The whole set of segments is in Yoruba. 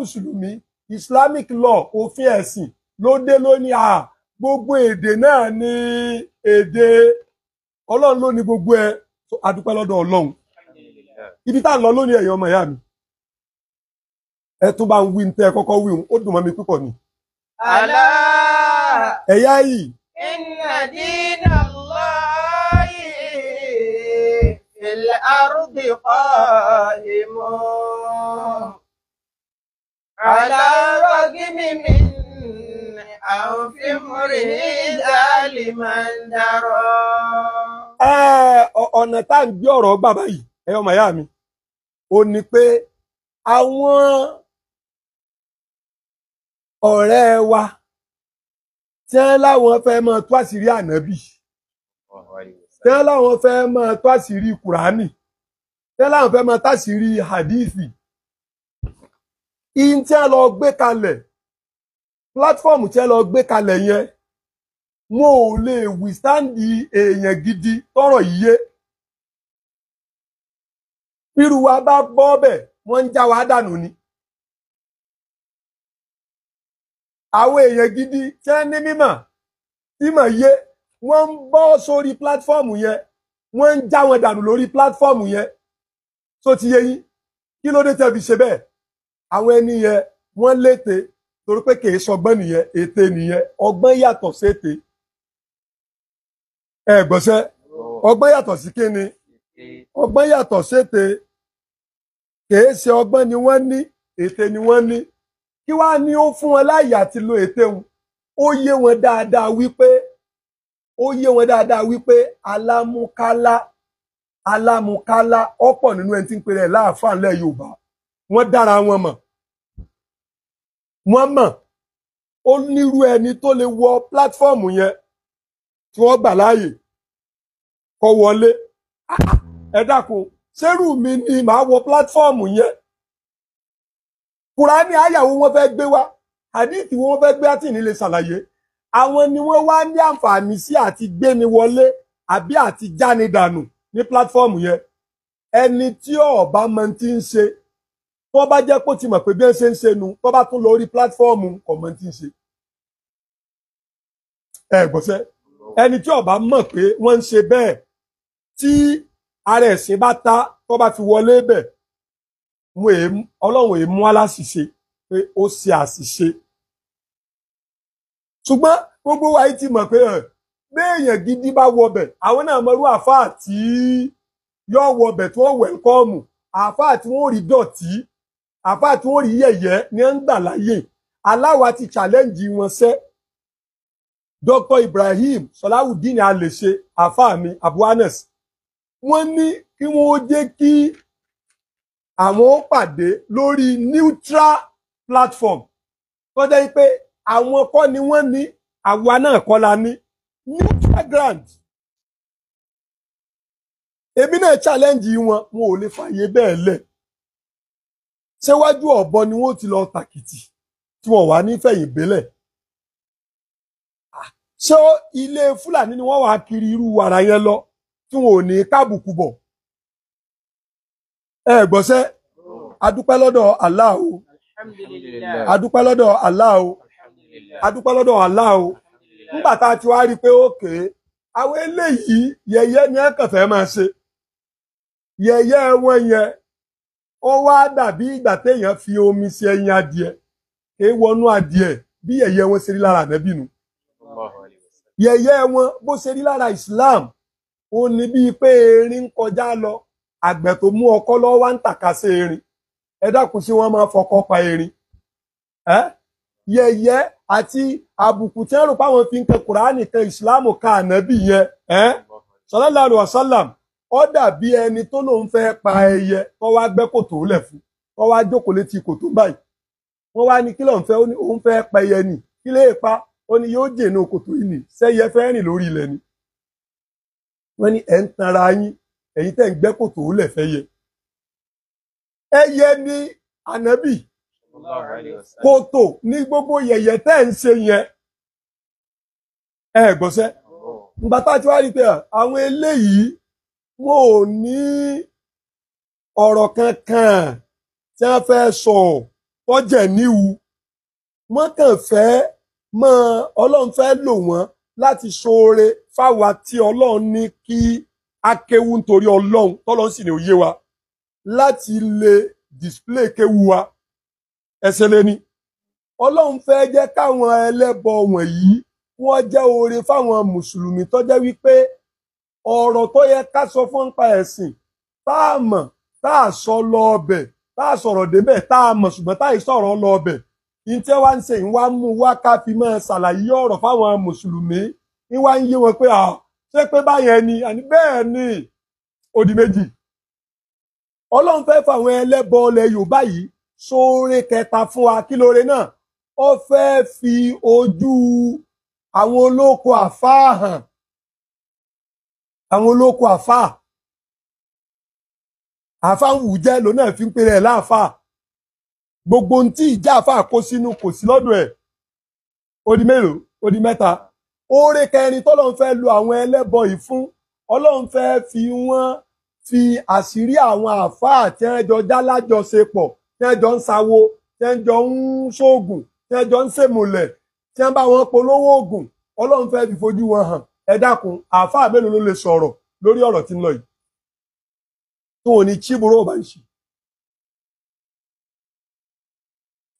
mùsùlùmí islamic law òfin ẹ̀sìn ló dé lónìí à gbogbo èdè náà ní èdè ọlọ́run ló ní gbogbo ẹ adúpẹ́ lọ́dọ̀ ọlọ́run ibi tá à ń lọ lónìí ẹ̀yin ọmọ ìyá mi ẹ tún bá ń wí ní tẹ́ ẹ kọ́kọ́ wí ó dùn mọ́ mi púpọ̀ ni. àlá ẹ̀yà yìí. inna dina Allahi fil ardi qa'imun. على رغم من أو في مرهي ظالما درى ọ̀nà tá à ń gbé ọ̀rọ̀ bàbá yìí ẹ ọmọ ìyá mi ò ní pé àwọn ọ̀rẹ́ wa tí wọ́n láwọn fẹ́ máa tó àṣírí ànábì tí wọ́n láwọn fẹ́ máa tó àṣírí kùránì tí wọ́n láwọn fẹ́ máa tó àṣírí hadithi ihun tí ẹ lọ gbé kalẹ̀ platform tí ẹ lọ gbé kalẹ̀ yẹn mo ò lè wìstáǹdì èèyàn gidi tọ́rọ̀ yíyé bírú wa bá bọ́ bẹ̀ wọ́n ń já wa dànù ni. àwọn èèyàn gidi tẹ́ ní mímọ̀ tí mọ̀ yé wọ́n ń bọ́ sórí pílátífọ́ọ̀mù yẹn wọ́n ń já wọn dànù lórí pílátífọ́ọ̀mù yẹn tó ti yé yín kí ló dé tẹ́ fi ṣe bẹ́ẹ̀ àwọn ẹni yẹn wọ́n lété torí pé kìí sọgbọ́n nìyẹn ète nìyẹn ọgbọ́n yàtọ̀ sété ẹ gbọ́sẹ́ ọgbọ́n yàtọ̀ sí kíni ọgbọ́n yàtọ̀ sété kìí ṣe ọgbọ́n ni wọ́n ní ète ni wọ́n ní kí wàá ní ó fún wọn láàyè àti lo ète wọn ó yé wọn dáadáa wípé ó yé wọn dáadáa wípé alámúkálá alámúkálá ọ̀pọ̀ nínú ẹni tí ń pèrè láàfáà ńlẹ̀ Yorùbá wọ́n dára wọn mọ̀ wọ́n mọ̀ ó nírú ẹni tó lè wọ pílátífọ́ọ̀mù yẹn tí wọ́n gbà láàyè kọ́ wọlé ẹ dákun ṣerú mi ni màá wọ pílátífọ́ọ̀mù yẹn kùránì àyàwó wọn fẹ́ gbé wá àdìtì wọn fẹ́ gbé àti ìnílẹ̀ ṣàlàyé àwọn ni wọ́n wá ní àǹfààní sí àti gbéni wọlé àbí àti jáni dànù ní pílátífọ́ọ̀mù yẹn ẹni tí ó mọ ti ń ṣe tó bá jẹ́ kó ti mọ̀ pé bí ẹ ṣe ń ṣe nu tó bá tún lọ rí pílátífọ́ọ̀mù kọ̀mọ́ntì ń ṣe ẹ gbọ́sẹ́ ẹni tí ọba mọ̀ pé wọ́n ń ṣe bẹ́ẹ̀ tí ara ẹ̀sìn bá ta tó bá fi wọlé bẹ̀ ọlọ́run èémú aláṣìṣe pé ó ṣe àṣìṣe ṣùgbọ́n gbogbo wa yìí ti mọ̀ pé ẹ̀ béèyàn gidi bá wọbẹ̀ àwọn náà mọ̀rú àfáà tí yọ wọbẹ̀ tí wọ́n wẹ̀ ń kọ́ọ̀mù àfáà tí wọ́n rí dọ̀tí àfáà tí wọ́n rí yẹ̀yẹ́ ni wọ́n ń gbà láyè aláwa ti challenge wọn sẹ́ Dr. Ibrahim Salawudeen Alèṣe àfáà mi abuanes Anas wọ́n ní kí wọ́n jẹ́ kí àwọn pàdé lórí neutral platform tó jẹ́ pé àwọn kọ́ ni wọ́n ní àwa náà kọ́ la ní neutral ground èmi náà challenge wọn wọn ò lè fààyè bẹ́ẹ̀ lẹ̀ ṣéwájú ọ̀bọ ni wọ́n ti lọ tàkìtì tí wọ́n wà nífẹ̀yìn bẹ́lẹ̀ ah, ṣé ilé fúlàní ni wọ́n wà kiri irú wàrà yẹn lọ tí wọn ò ní kábùkù bọ̀ ẹ gbọ́sẹ́ adúpẹ́ lọ́dọ̀ Allah o adúpẹ́ lọ́dọ̀ Allah o adúpẹ́ lọ́dọ̀ Allah nígbà tá a ti wá rí i pé ókè àwọn eléyìí yẹ̀yẹ́ ni ẹ kàn fẹ́ máa ṣe yẹ̀yẹ́ wọn yẹn ó wá dàbí ìgbà téèyàn fi omi sí ẹyin adìẹ ké wọnú adìẹ bí yẹ̀yẹ́ wọn ṣe rí lára ànábì nu yẹ̀yẹ́ wọn bó ṣe rí lára Islam ó ní bíi pé erin ń kọjá lọ àgbẹ̀ tó mú ọkọ́ lọ wá ń tàka sí erin ẹ dákun sí wọn máa fọkọ́ pa erin ẹ yẹ̀yẹ́ àti àbùkù tí wọn rò pé àwọn fi ń kẹ kùránì kan Islam ká ànábì yẹn ẹ sallallahu alaihi wasallam ó dàbí ẹni tó lóun fẹ́ pa ẹyẹ tó wá gbẹ́ kòtò lẹ̀ fún tó wá jókòó létí kòtò báyìí wọ́n wá ní kí lóun fẹ́ ó ní òun fẹ́ pa ẹyẹ nì kí lè pa ó ní yóò jènà kòtò yìí nì sẹ́yẹ fẹ́ rìn lórí ilẹ̀ ni wọ́n ní ẹ̀ ń tanra yín ẹ̀yin tẹ́ ń gbẹ́ kòtò lẹ̀ fẹ́ yẹ ẹyẹ ní ànábì kòtò ní gbogbo yẹyẹ tẹ́ ń ṣe yẹn ẹ gbọ́sẹ́ ǹgbà tá a ti wá rí pé ah, àwọn eléyìí wọn ò ní ọ̀rọ̀ kankan tí wọ́n fẹ́ sọ tọ́jẹ̀ níwu wọ́n kàn fẹ́ mọ ọlọ́run fẹ́ lò wọ́n láti ṣoore fáwa tí ọlọ́run ní kí akéwu nítorí ọlọ́run tọ́lọ́run sì ní òye wa láti lè display kéwu wa ẹsẹ̀ lé ní ọlọ́run fẹ́ jẹ́ káwọn ẹlẹ́bọ wọ̀nyí wọ́n jẹ́ oore fáwọn mùsùlùmí tó jẹ́ wípé ọ̀rọ̀ tó yẹ ká sọ fún nípa ẹ̀sìn tá a mọ̀ tá a sọ lọ ọbẹ̀ tá a sọ̀rọ̀ débẹ̀ tá a mọ̀ ṣùgbọ́n tá a sọ̀rọ̀ lọ ọbẹ̀ ìtẹ́ wa ń ṣe ìwà mú wa ká fi máa ṣàlàyé ọ̀rọ̀ fáwọn mùsùlùmí ìwà ń yé wọn pé à ṣé pé báyẹn ni àní bẹ́ẹ̀ ni òdì méjì ọlọ́run fẹ́ fàwọn ẹlẹ́bọ ilẹ̀ yorùbá yìí sóore kẹta fún wa kí lóore náà ó fẹ́ fi ojú àwọn olóko àfáà hàn àwọn olóko àfáà àfáà ń wù jẹ́ lòun náà fi ń pèrè ẹ̀ láàfáà gbogbo ohun tí ìjà àfáà kó sínú kò sí lọ́dọ̀ ẹ̀ ó di mélòó ó di mẹ́ta oore kẹrin tọ́lọ́run fẹ́ lo àwọn ẹlẹ́bọ yìí fún ọlọ́run fẹ́ fi wọ́n fi àṣírí àwọn àfáà tí wọ́n jọ já lájọṣepọ̀ tí wọ́n jọ ń sawo tí wọ́n jọ ń ṣoògùn tí wọ́n jọ ń ṣèmùlẹ̀ tí wọ́n bá wọn polówó oògùn ọlọ́run fẹ́ fi fojú wọn hàn ẹ dákun àáfàá mélòó ló lè sọ̀rọ̀ lórí ọ̀rọ̀ tí ń lọ yìí tí wọn ní chiburo ọba ń ṣe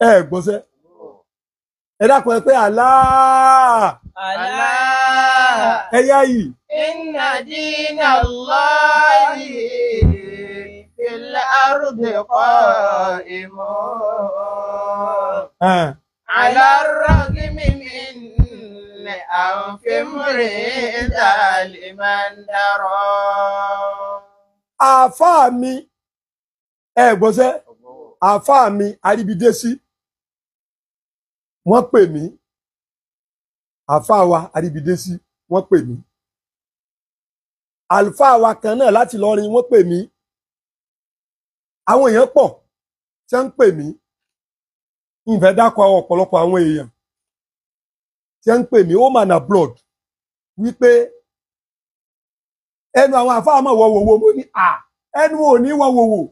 ẹ gbọ́sẹ́ ẹ dákun ẹ pé Allah Allah ẹ yá yìí. inna dina Allahi fil ardi qa'imun ala ragmi min. أو في امرئ ظالما ترى àáfàá mi ẹ gbọ́ sẹ́ àáfàá mi àríbidésí wọ́n pè mí àáfàá wa àríbidésí wọ́n pè mí àlùfáà wa kan náà láti lọrin wọ́n pè mí àwọn èèyàn pọ̀ tí wọ́n ń pè mí ìfẹ́ dákọ̀ ọ̀pọ̀lọpọ̀ àwọn èèyàn tí ń pè mí home and abroad wípé ẹnu àwọn àfáàmọ̀ wọ̀wọ̀wọ̀ mo ní à ẹnu ò ní wọ̀wọ̀wọ̀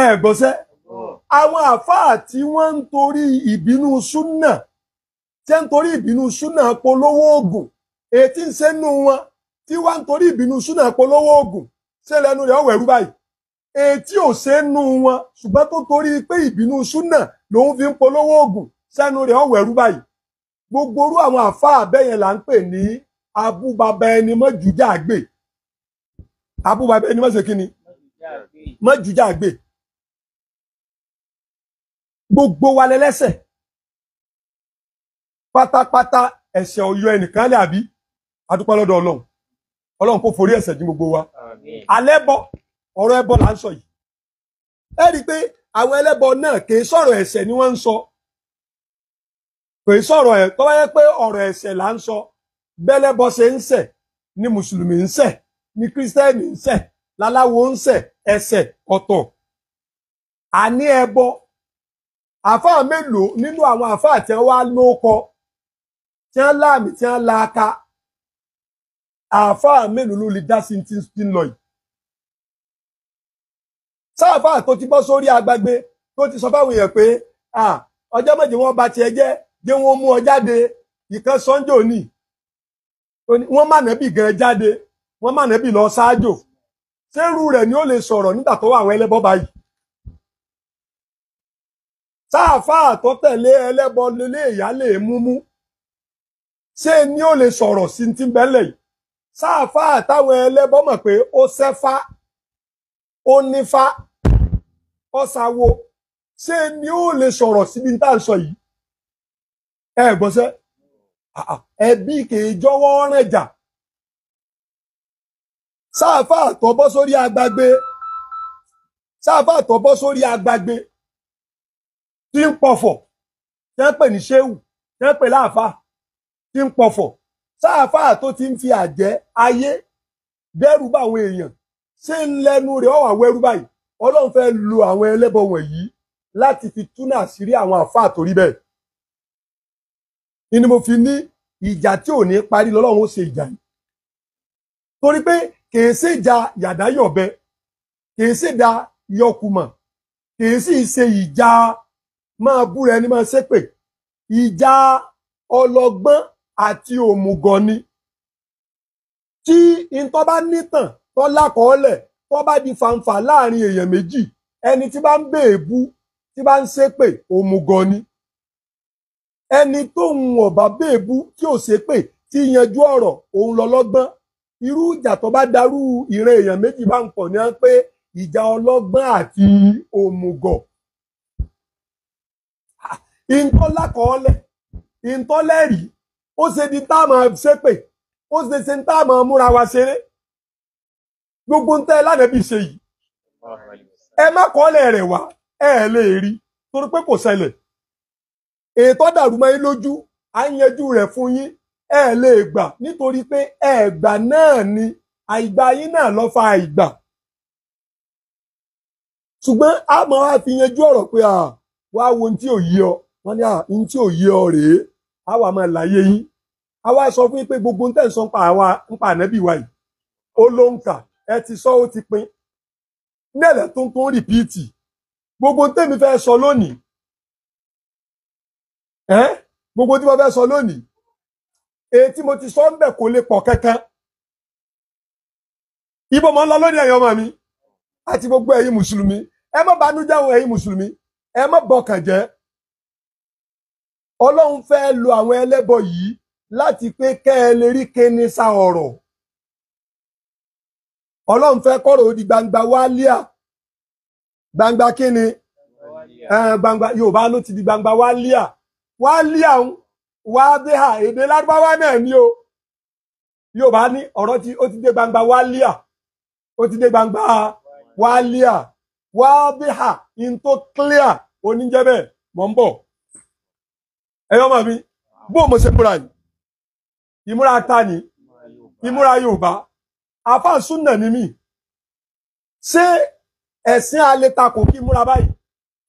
ẹ gbọ́sẹ́ àwọn àfáà tí wọ́n ń torí ìbínú súnà tí ń torí ìbínú súnà polówó oògùn èyí tí ń sẹ́nu wọn tí wọ́n ń torí ìbínú súnà polówó oògùn ṣé lẹ́nu rẹ̀ ọ̀wẹ̀rú báyìí èyí tí ò sẹ́nu wọn ṣùgbọ́n tó torí pé ìbínú súnà lòun fi ń polówó oògùn sẹ́nu rẹ̀ ọ̀wẹ̀rú báyìí gbogbo orú àwọn àfáà bẹ́yẹn là ń pè ní abúbaba ẹni mọ́jújà àgbè abúbaba ẹni mọ́sẹ̀ kínni mọ́jújà àgbè gbogbo wa lẹ́lẹ́sẹ̀ pátápátá ẹ̀ṣẹ̀ ọ̀yọ́ ẹnìkan lẹ́ àbí adúpẹ́ lọ́dọ̀ ọlọ́run ọlọ́run kò forí ẹ̀ṣẹ̀ jìn gbogbo wa alẹ́ bọ́ ọ̀rọ̀ ẹbọ là ń sọ yìí ẹ rí i pé àwọn ẹlẹ́bọ náà kì í sọ̀rọ̀ ẹ̀ṣẹ̀ ni wọ́n ń sọ kò í sọ̀rọ̀ ẹ̀ tó bá yẹ pé ọ̀rọ̀ ẹ̀ṣẹ̀ là ń sọ bẹ́lẹ́bọ ń ṣẹ̀ ni mùsùlùmí ń ṣẹ̀ ni kírísítẹ́nì ń ṣẹ̀ láláwo ń ṣẹ̀ ẹ̀ṣẹ̀ ọ̀tọ̀ àní ẹbọ àfáà mélòó nínú àwọn àfáà tí wọ́n wá lóko tí wọ́n láàmì tí wọ́n láaka àfáà mélòó ló lè dá sí ti ń lọ yìí sáàfáà tó ti bọ́ sórí agbágbé tó ti sọ fáwọn èèyàn pé ọjọ́ méje wọ́n bá tiẹ̀ jẹ́ jẹ́ wọ́n mú ọ jáde ìkan sunday òní wọ́n má nàbì gan jáde wọ́n má lọ ṣáájò sẹ́rù rẹ̀ ni ó lè sọ̀rọ̀ nígbà tó wà àwọn ẹlẹ́bọ báyìí sáàfáà tó tẹ̀lé ẹlẹ́bọ lélé ìyálé múmú ṣé ni ó lè sọ̀rọ̀ sí ti ni ó lè sọ̀rọ̀ síbi tá ẹ gbọ́n sẹ́ ẹbí kìí jọwọ́ rẹ̀ jà sáfà àtọ́bọ́ sórí agbágbé sáfà àtọ́bọ́ sórí agbágbé tí ń pọ̀fọ̀ tí ń pè ní ṣéwù tí ń pè láàfà tí ń pọ̀fọ̀ sáfà tó ti ń fi àjẹ́ ayé dẹ́rù bá àwọn èèyàn ṣé ń lẹ́nu rẹ̀ ọ̀wà wẹ́rú báyìí ọlọ́run fẹ́ lu àwọn ẹlẹ́bọ wọ̀nyí láti fi túnà àṣírí àwọn àfà àtòrí bẹ́ẹ̀ ni mo fi ní ìjà tí ò ní parí lọ́lọ́run ó ṣe ìjà yìí torí pé kìí ṣe ìjà yàdá yọ̀bẹ kìí ṣe ìjà yọkùmọ̀ kìí sì ṣe ìjà máa búra ẹni máa ṣépè ìjà ọlọ́gbọ́n àti òmùgọ̀ ni tí ntọ́ bá nítàn tó lákọọ́lẹ̀ tó bá di fanfa láàrin èèyàn méjì ẹni tí bá ń bèèbú tí bá ń ṣépè òmùgọ̀ ni ẹni tó ń ọ̀bá bèèbú tí ò ṣe pé tí yanjú ọ̀rọ̀ òun lọ lọ́gbọ́n irú ìjà tó bá darú ìran èèyàn méjì bá ń pọ̀ ní wọn pé ìjà ọlọ́gbọ́n àti òmùgọ̀ ìntọ́lákọ̀ọ́lẹ̀ ìntọ́lẹ́rì ó ṣe di tá a máa ṣépè ó ṣe ṣe tá a máa múra wa ṣeré gbogbo ń tẹ́ lánàbí ṣe yìí ẹ má kọ́lẹ̀ rẹ̀ wá ẹ lè rí torí pé kò ṣẹlẹ̀. ètò dàrú mọ́ yín lójú à ń fún yín ẹ lè gbà nítorí pé ẹ̀gbà náà ni àìgbà yín náà ló fa àìgbà ṣùgbọ́n a máa wá fi yanjú ọ̀rọ̀ pé wá wo ohun tí ò yí ọ wọ́n ní ohun tí ò yí ọ rèé a wà máa láyé yín a wá sọ fún yín pé gbogbo tẹ̀ ń sọ nípa àwa nípa ànábì wa yìí ó ló ń kà ẹ ti sọ ó ti pin nílẹ̀ tó ń rìpíìtì gbogbo tẹ̀mí fẹ́ sọ lónìí gbogbo tí mo fẹ́ sọ lónìí èyí tí mo ti sọ kò lè pọ̀ kankan ibo mo ń lọ àti gbogbo ẹ̀yin mùsùlùmí ẹ má banújẹ́ o ẹ̀yin mùsùlùmí ẹ má bọkàn jẹ́ ọlọ́run lo àwọn ẹlẹ́bọ yìí láti pé lè rí sa ọ̀rọ̀ ọlọ́run fẹ́ kọ́rọ̀ gbangba wálíà gbangba wálíà ń wádéhà èdè lárúbáwá náà ni o yóò bá ní ọ̀rọ̀ tí ó ti dé gbangba wálíà ó ti dé gbangba wálíà wádéhà in tó clear oníjẹ́bẹ̀ mọ̀ ń bọ̀ ẹ̀yọ́ mọ̀ mi bó mo ṣe múra yìí ìmúra ta ni ìmúra Yorùbá àfáà súnà ni mí ṣé ẹ̀sìn alẹ́ takò kí múra báyìí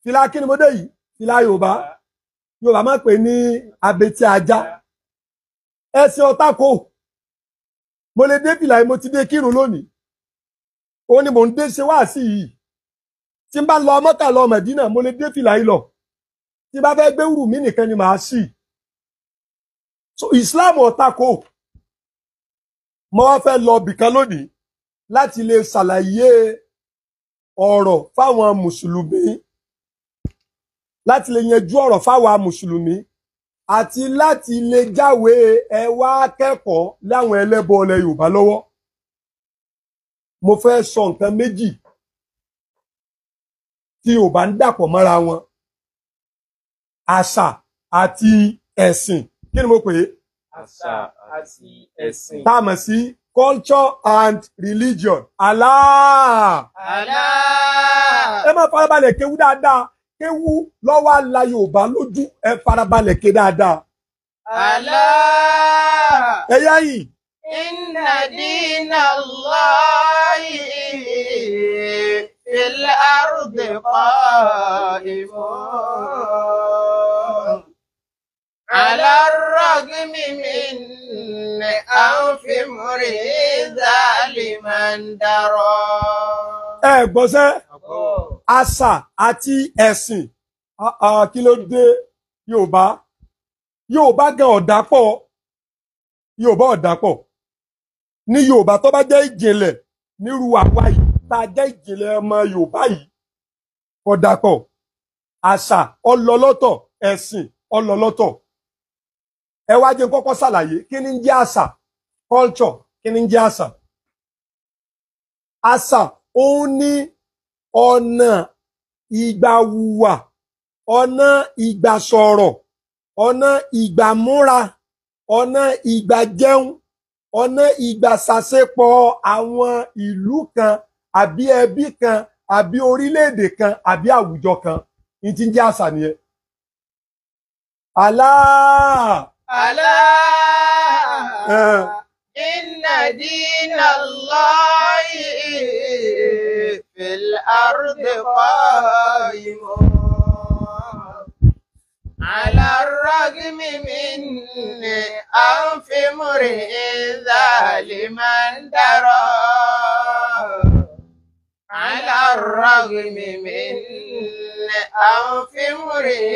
fìlà kí ni mo dé yìí fìlà Yorùbá yorùbá máa pè ní abetí ajá ẹsìn ọ̀tá kò mo lè dé fìlà mo ti dé kírun lónìí òun ni mò ń dé ṣe wáàsí yìí tí n bá lọ mọ́tà lọ mẹ̀dínà mo lè dé fìlà yìí lọ tí n bá fẹ́ gbé wùrù mí nìkan ni màá sì so islam ọ̀tá kò mo wá fẹ́ lọ bìkan lónìí láti lè ṣàlàyé ọ̀rọ̀ fáwọn mùsùlùmí láti lè yanjú ọ̀rọ̀ fáwa mùsùlùmí àti láti lè jáwèé ẹ wá kẹ́kọ̀ọ́ láwọn ẹlẹ́bọ ilẹ̀ Yorùbá lọ́wọ́ mo fẹ́ sọ nǹkan méjì tí ò bá ń dàpọ̀ mọ́ra wọn àṣà àti ẹ̀sìn kí ni mo pè é àṣà àti ẹ̀sìn tá a mọ̀ sí culture and religion Allah Allah ẹ máa farabalẹ̀ kéwú dáadáa kéwú lọ́wọ́ la Yorùbá lójú ẹ farabalẹ̀ ké dáadáa. Allah. ẹ yá yìí. inna dina Allahi fil ardi qa'imun. على الرغم من أنف مريض لمن درى. ẹ gbọ́sẹ́ àṣà àti ẹ̀sìn kí ló dé Yorùbá Yorùbá gan ọ̀dàpọ̀ Yorùbá ọ̀dàpọ̀ ní Yorùbá tó bá jẹ́ ìjìnlẹ̀ nírú àwa yìí tá a jẹ́ ìjìnlẹ̀ ọmọ Yorùbá yìí ọ̀dàpọ̀ àṣà ọlọ́lọ́tọ̀ ẹ̀sìn ọlọ́lọ́tọ̀ ẹ wá jẹ́ kọ́kọ́ ṣàlàyé kí ni ń jẹ́ àṣà culture kí ni ń jẹ́ àṣà àṣà òun ni ọ̀nà ìgbàwùwà ọ̀nà ìgbàsọ̀rọ̀ ọ̀nà ìgbàmúra ọ̀nà ìgbàjẹun ọ̀nà ìgbàsàsepọ̀ àwọn ìlú kan àbí ẹbí kan àbí orílẹ̀-èdè kan àbí àwùjọ kan ní ti ń jẹ́ àṣà nìyẹn. Allah. Allah. Inna dina Allahi. في الأرض قائم على الرغم من أنف مره ظالما درى على الرغم من أنف مره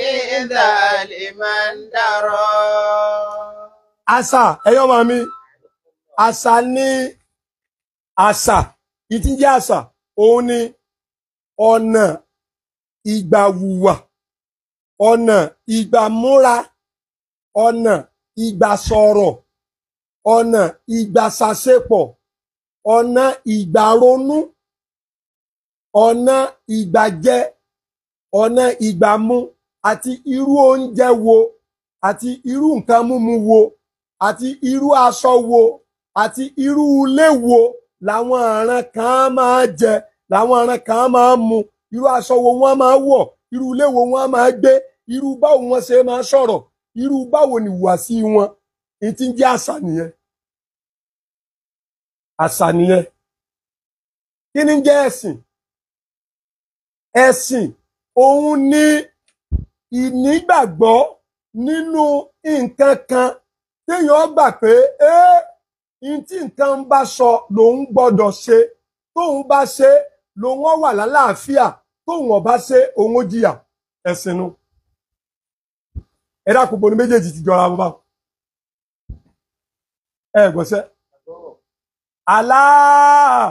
ظالما درى أسا ẹ̀yọ́ مامي أسا ني أسا ìtìjẹ́ أسا òun ni ọ̀nà ìgbà wùwà ọ̀nà ìgbà múra ọ̀nà ìgbà sọ̀rọ̀ ọ̀nà ìgbà sàṣepọ̀ ọ̀nà ìgbà ronú ọ̀nà ìgbà jẹ ọ̀nà ìgbà mu àti irú oúnjẹ wo àti irú nǹkan múmu wo àti irú aṣọ wo àti irú ilé wo làwọn ọ̀ràn kan máa jẹ làwọn aràn kan máa ń mu irú aṣọ wo wọ́n máa wọ̀ irú ilé wo wọ́n máa gbé irú báwo wọ́n ṣe máa sọ̀rọ̀ irú báwo ni ìhùwàsí wọn èyí tí ń àṣà nìyẹn àṣà nìyẹn kí ni ń jẹ́ ẹ̀sìn ẹ̀sìn òun ni ìnígbàgbọ́ nínú nǹkan kan téèyàn gbà pé ẹ ní tí nǹkan bá sọ lòun gbọ́dọ̀ ṣe tóun bá ṣe lòun wà lálàáfíà tóun ọba ṣe òun ó jìyà ẹ̀sìn nu ẹ̀dá kòpò ní méjèèjì ti jọra bó bá ẹ gbọ́sẹ́ aláà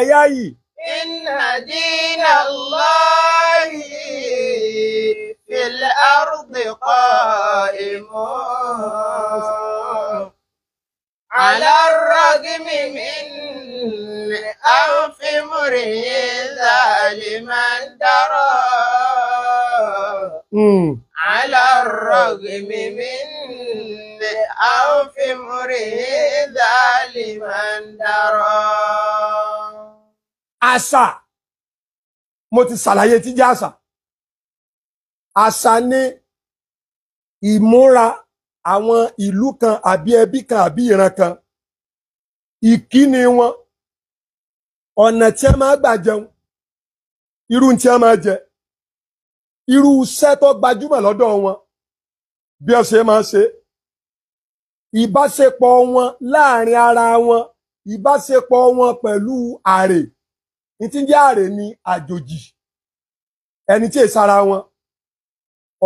ẹ̀yá yìí. inna dina Allahi fil ardi qa'imun ala ragmi min. بالأنف مريدا لمن ترى على الرغم من بالأنف مريدا لمن ترى àṣà mo ti ṣàlàyé tí jẹ́ àṣà àṣà ni ìmúra àwọn ìlú kan àbí ẹbí kan àbí ìran kan ìkíni wọn ọ̀nà tí a máa gbà jẹun irú tí a máa jẹ irú iṣẹ́ tó gbajúmọ̀ lọ́dọ̀ wọn bí ó máa ṣe ìbáṣepọ̀ wọn láàrin ara wọn ìbáṣepọ̀ wọn pẹ̀lú àrè tí àrè ni àjòjì ẹni tí èsì ara wọn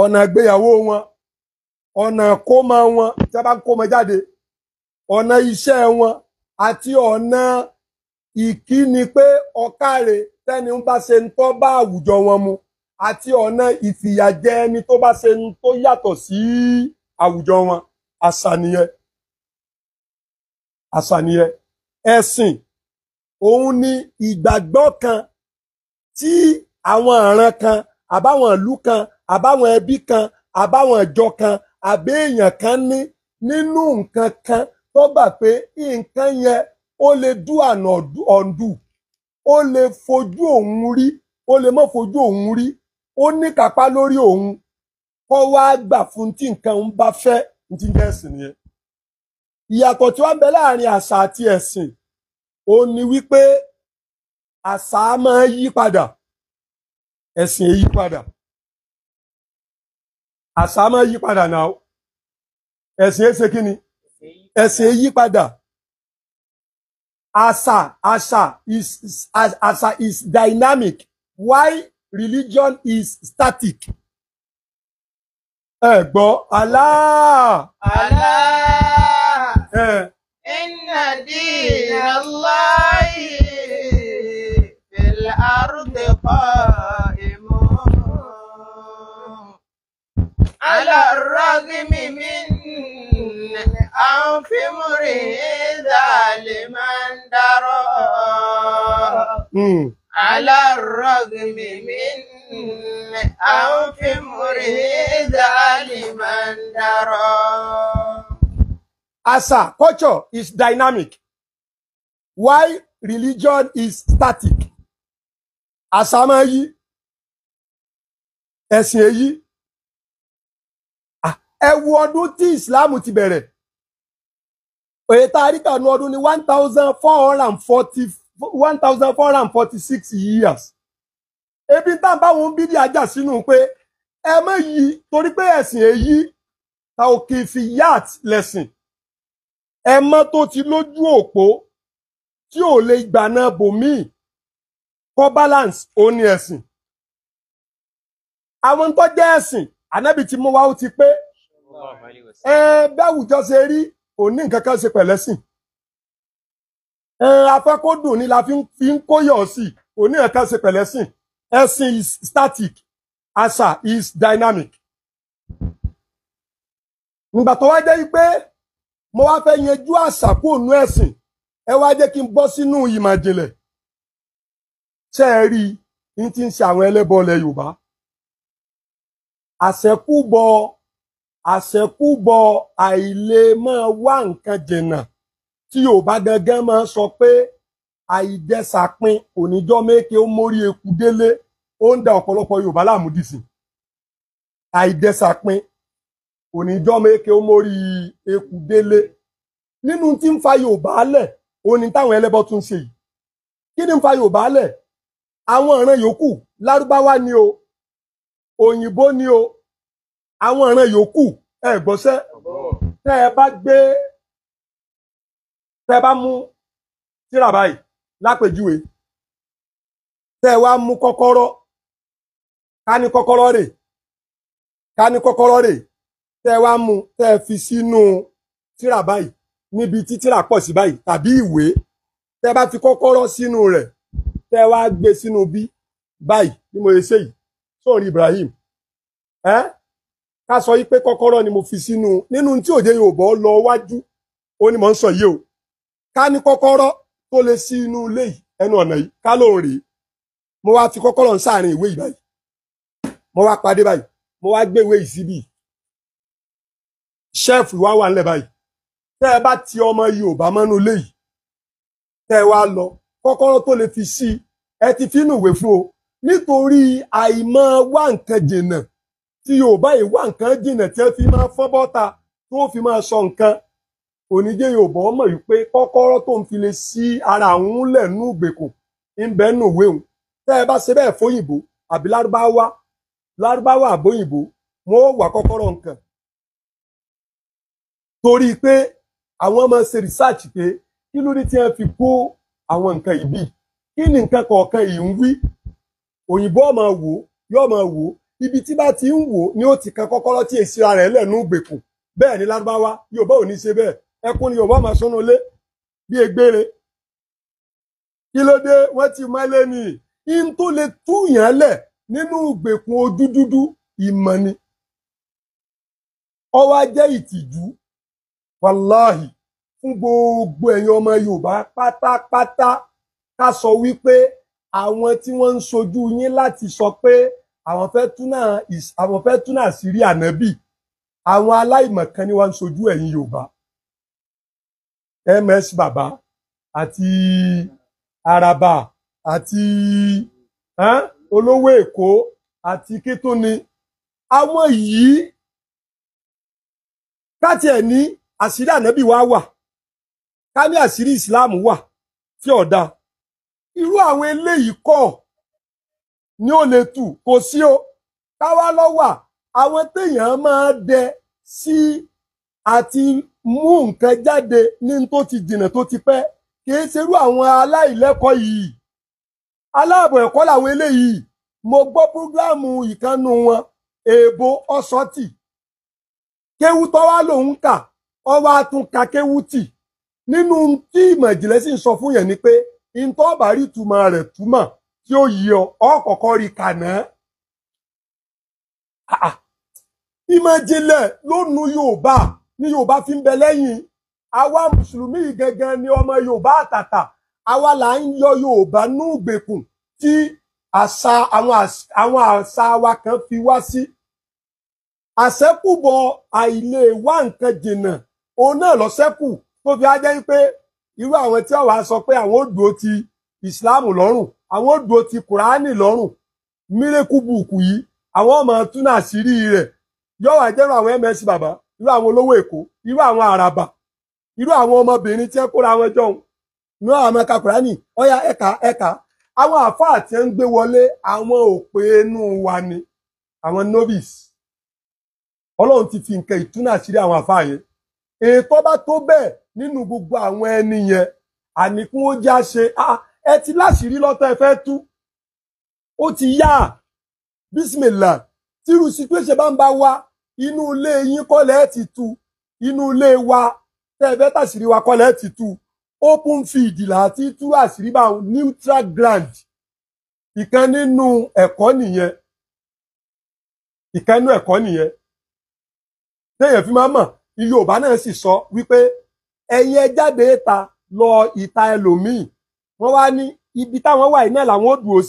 ọ̀nà ìgbéyàwó wọn ọ̀nà ìkí ni pé ọ̀káre tẹ́ni ń bá ṣe ń tọ́ bá àwùjọ wọn mu àti ọ̀nà ìfìyàjẹ ẹni tó bá ṣe ń tó yàtọ̀ sí àwùjọ wọn àṣà nìyẹn àṣà nìyẹn ẹ̀sìn òun ni ìgbàgbọ́ kan tí àwọn àran kan àbáwọn ìlú kan àbáwọn ẹbí kan àbáwọn ìjọ kan àbẹ́ẹ̀yàn kan ní nínú nǹkan kan tó gbà pé nǹkan yẹn ó lè dú and ọdụ ó lè fojú òun rí ó lè mọ́ fojú òun rí ó ní kápá lórí òun kọ́ wá gbà fún tí nǹkan ń bá fẹ́ ní ti ẹ̀sìn nìyẹn ìyàtọ̀ tí wọ́n bẹ láàrin àṣà àti ẹ̀sìn ó ní wípé àṣà máa yí padà ẹ̀sìn padà àṣà máa yí padà náà ẹ̀sìn Asa, Asa is, is Asa is dynamic. Why religion is static? Eh, gbọ́, Allah. Allah. Ẹ. Inna dina Allahi fil ardi qaimun. Ala ragmi min àwọn fíìmù rí ìdálé máa ń dárọ̀ hmm. alárọ̀gbìmí mi àwọn fíìmù rí ìdálé máa culture is dynamic while religion is static àṣà máa yí ẹ̀sìn èyí ah, ẹ wo ọdún tí ìsìláàmù ti bẹ̀rẹ̀ èyí tá a rí tànú ọdún ní one thousand four hundred and forty one thousand four hundred and forty six years ebi tá a báwọn di ajá sínú pé ẹ mọ yìí torí pé ẹ̀sìn èyí ta ò kì í fi yáàt lẹ̀sìn ẹ mọ tó ti lójú òpó tí ò lè gbàna bòmíì kọ balance ó ní ẹ̀sìn àwọn tó jẹ́ ẹ̀sìn ànábì tí mo wá ó ti pé ẹ bẹ́ẹ̀ àwùjọ ṣe rí kò ní nǹkan kan ṣe pẹ̀lẹ́sìn ẹ afẹ́ kó dùn ni la fi ń kóyọ̀ sí kò ní nǹkan kan ṣe pẹ̀lẹ́sìn ẹ̀sìn is static àṣà is dynamic ìgbà tó wá jẹ́ pé mo wá fẹ́ yanjú àṣà kó nu ẹ̀sìn ẹ wá jẹ́ kí n bọ́ sínú ìmọ̀ ṣe é rí i ti ń ṣe àwọn ẹlẹ́bọ Yorùbá àṣẹkù bọ àṣẹkùbọ àìlè máa wá nǹkan jìnnà tí Yorùbá gangan máa ń sọ pé àìjẹsàpin oníjọ méke ó mórí eku délé ó ń da ọ̀pọ̀lọpọ̀ Yorùbá láàmúdìsí àìjẹsàpin oníjọ méke ó mórí eku délé nínú tí ń fa Yorùbá lẹ̀ òní táwọn ẹlẹ́bọ tún ṣe yìí kí ni ń fa Yorùbá lẹ̀ àwọn ìran yòókù Lárúbáwá ni o òyìnbó ni o àwọn ìran yòókù ẹ gbọ́sẹ́ tẹ́ ẹ bá gbé tẹ́ ẹ bá mú tírà báyìí lápèjúwe tẹ́ ẹ wá mú kọ́kọ́rọ́ ká ní kọ́kọ́rọ́ rè ká ní kọ́kọ́rọ́ rè tẹ́ ẹ wá mú tẹ́ ẹ fi sínú tírà báyìí níbi tí tírà pọ̀ sí báyìí tàbí ìwé tẹ́ ẹ bá fi kọ́kọ́rọ́ sínú rẹ̀ tẹ́ ẹ wá gbé sínú bí báyìí ni mo lè ṣe yìí sórí Ibrahim ẹ́ eh? ká sọ yí pé kọ́kọ́rọ́ ni mo fi sínú nínú tí òde Yorùbá lọ wájú ó ní mò ń sọ yìí o ká ní kọ́kọ́rọ́ tó lè sí inú ilé yìí ẹnu ọ̀nà yìí ká lóun rèé mo wá fi kọ́kọ́rọ́ ń sáàrin ìwé yìí báyìí mo wá padé báyìí mo wá gbé ìwé yìí síbí ṣẹ́ẹ̀fù wá wà nílẹ̀ báyìí tẹ́ ẹ bá ti ọmọ Yorùbá mọ́nú ilé yìí tẹ́ ẹ wá lọ kọ́kọ́rọ́ tó lè fi sí ẹ ti fínú ìwé fún o nítorí àìmọ̀ wá nǹkan jìnnà tí yorùbá yìí wá nǹkan jìnà tí ẹ fi máa fọ́ bọ́ta tó fi máa sọ nǹkan oníjẹ yorùbá mọ̀ wípé kọ́kọ́rọ́ tó ń fi lè sí ara òun lẹnu ìgbèkùn ń bẹ nù òwe òun tẹ́ ẹ bá ṣe bẹ́ẹ̀ fóyìnbó àbí lárúbáwá lárúbáwá àbóyìnbó wọn ó wà kọ́kọ́rọ́ nǹkan torí pé àwọn ọmọ ṣe rìsáàcì pé kí ló dé tí wọ́n fi kó àwọn nǹkan yìí bí kí ni nǹkan kọ̀ọ̀kan yìí ń wí òyìnbó ọmọ wò yóò máa wò ibi tí bá ti ń wò ni ó ti kan kọ́kọ́rọ́ tí èsì ara rẹ̀ lẹ́nu gbèkùn bẹ́ẹ̀ ni lárúbáwá yorùbá ò ní ṣe bẹ́ẹ̀ ẹkún ni yorùbá máa sọnù lé bí egbére kí ló dé wọ́n ti máa lé ní in tó lè túyàn lẹ̀ nínú gbèkùn ojú ìmọ̀ ni ọwọ́ jẹ́ ìtìjú wàláhì fún gbogbo ẹ̀yin ọmọ yorùbá pátápátá ká sọ wípé àwọn tí wọ́n ń ṣojú yín láti sọ pé àwọn fẹ́ túnà àwọn fẹ́ túnà sírí ànábì àwọn aláìmọ̀kan ni wọ́n ń sojú ẹ̀yin yorùbá ms baba àti araba àti olówó èkó àti kítúni àwọn yìí káti ẹ̀ ní àṣírí ànábì wa wà ká ní àṣírí ìsìláàmù wà tí ọ̀dà irú àwọn eléyìí kọ́ ni ó lè tù kò sí o káwá lọ wà àwọn téèyàn máa dẹ sí àti mú nǹkan jáde ní tó ti dìnà tó ti pẹ́ kì í ṣerú àwọn aláìlẹ́kọ̀ọ́ yìí aláàbọ̀ ẹ̀kọ́ làwọn eléyìí mo gbọ́ púrógíráàmù ìkànnù wọn èèbò ọ̀sọ́tì kéwú tó lòun kà ọwọ́ àtúnkà kéwú tì nínú tí ìmọ̀ ìjìnlẹ̀ sì ń sọ fún yẹn ni pé ìtọ́ bá rí túmọ̀ rẹ̀ túmọ̀ tí ó yí ọ ọ kọ́kọ́ rí kàná ìmọ̀jìnlẹ̀ lónìí Yorùbá ní Yorùbá fi ń bẹ lẹ́yìn àwa mùsùlùmí gangan ni ọmọ Yorùbá àtàtà àwa là ń yọ Yorùbá nú ìgbèkùn tí àṣà àwọn àṣà wa kan fi wá sí àṣẹ́kùbọ̀ àìlè wá nǹkan jìnnà òun náà lọ ṣẹ́kù tó fi á jẹ́ pé irú àwọn tí ó wá sọ pé àwọn ò dúró ti ìsìláàmù lọ́rùn àwọn òdùó ti kùránì lọ́rùn mírèkù bùkù yìí àwọn ọmọ túnà àṣírí rẹ̀ rẹ yọwa àwọn ms bàbá irú àwọn olówó èkó irú àwọn àràbà irú àwọn ọmọbìnrin tí ẹ kóra wọn jọun náà àwọn ẹka kùránì ọyà ẹka ẹka àwọn ẹ ń gbé wọlé novice ọlọ́run ti fi nǹkan àṣírí àwọn yẹn ètò tó bẹ́ẹ̀ nínú gbogbo àwọn ẹni yẹn àníkún ah, ẹ ti láṣìírí lọ́tọ̀ ẹ fẹ́ tú ó ti yá bísímìlà tírú situation bá ń bá wa inú ilé yín kọ́lẹ̀ ti tú inú ilé wa tẹ́ ẹ fẹ́ tàṣírí wa kọ́lẹ̀ ti tú open field láti tú àṣírí bá neutral ground ìkan nínú ẹ̀kọ́ nìyẹn ìkan nínú ẹ̀kọ́ nìyẹn téèyàn fi máa mọ̀ iye Yorùbá náà sì sọ wípé ẹ̀yin ẹ jáde ta lọ ìta ẹlòmíì wọ́n wá ní ibi táwọn wà iná làwọn ò dùn ó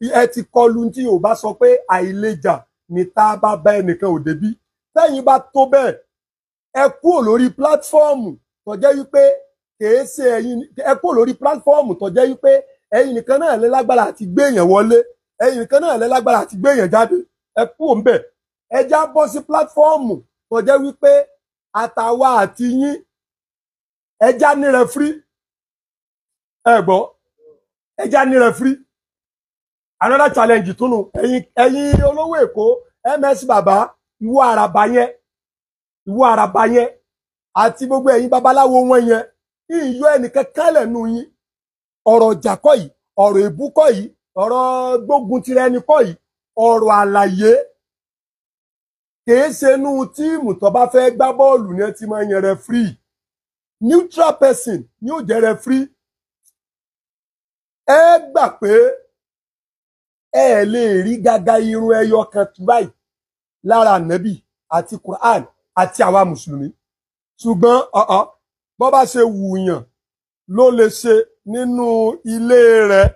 sí ẹ ti kọlu tí ò bá sọ pé àìlèjà ni tá a bá bá ẹnìkan ò débí tẹ́yìn bá tó bẹ́ẹ̀ ẹ kúrò lórí pílátífọ́ọ̀mù tó jẹ́ wípé kèé ṣe ẹ̀yin ẹ kúrò lórí pílátífọ́ọ̀mù tó jẹ́ wípé ẹ̀yin nìkan náà lẹ lágbára àti gbéèyàn wọlé ẹ̀yin nìkan náà lẹ lágbára àti gbéèyàn jáde ẹ kúrò ńbẹ̀ ẹ já bọ́ sí pílátífọ́ọ̀mù tó jẹ́ wípé àtàwa àti yín ẹ já ní rẹfírí egbo gbọ́ ẹja ní rẹfírí another challenge tunu, Ẹyin ẹ̀yin Eko, olówó èkó ms Baba, ìwọ àràbà yẹn ìwọ ati yẹn àti gbogbo ẹyin babaláwo wọn yẹn ìyọ ẹnìkan kálẹ̀ nù yín ọ̀rọ̀ ìjà kọ́ yìí ọ̀rọ̀ kọ́ yìí ọ̀rọ̀ gbógun ẹni kọ́ yìí ọ̀rọ̀ àlàyé kìí ṣe inú tíìmù ti máa neutral person ni ẹ gbà pé ẹ lè rí gàgà irun ẹyọ kan báyìí lára nàbì àti Quran àti àwa mùsùlùmí ṣùgbọ́n ọ̀ọ́ bọ́ bá ṣe wùyàn ló lè ṣe nínú ilé rẹ̀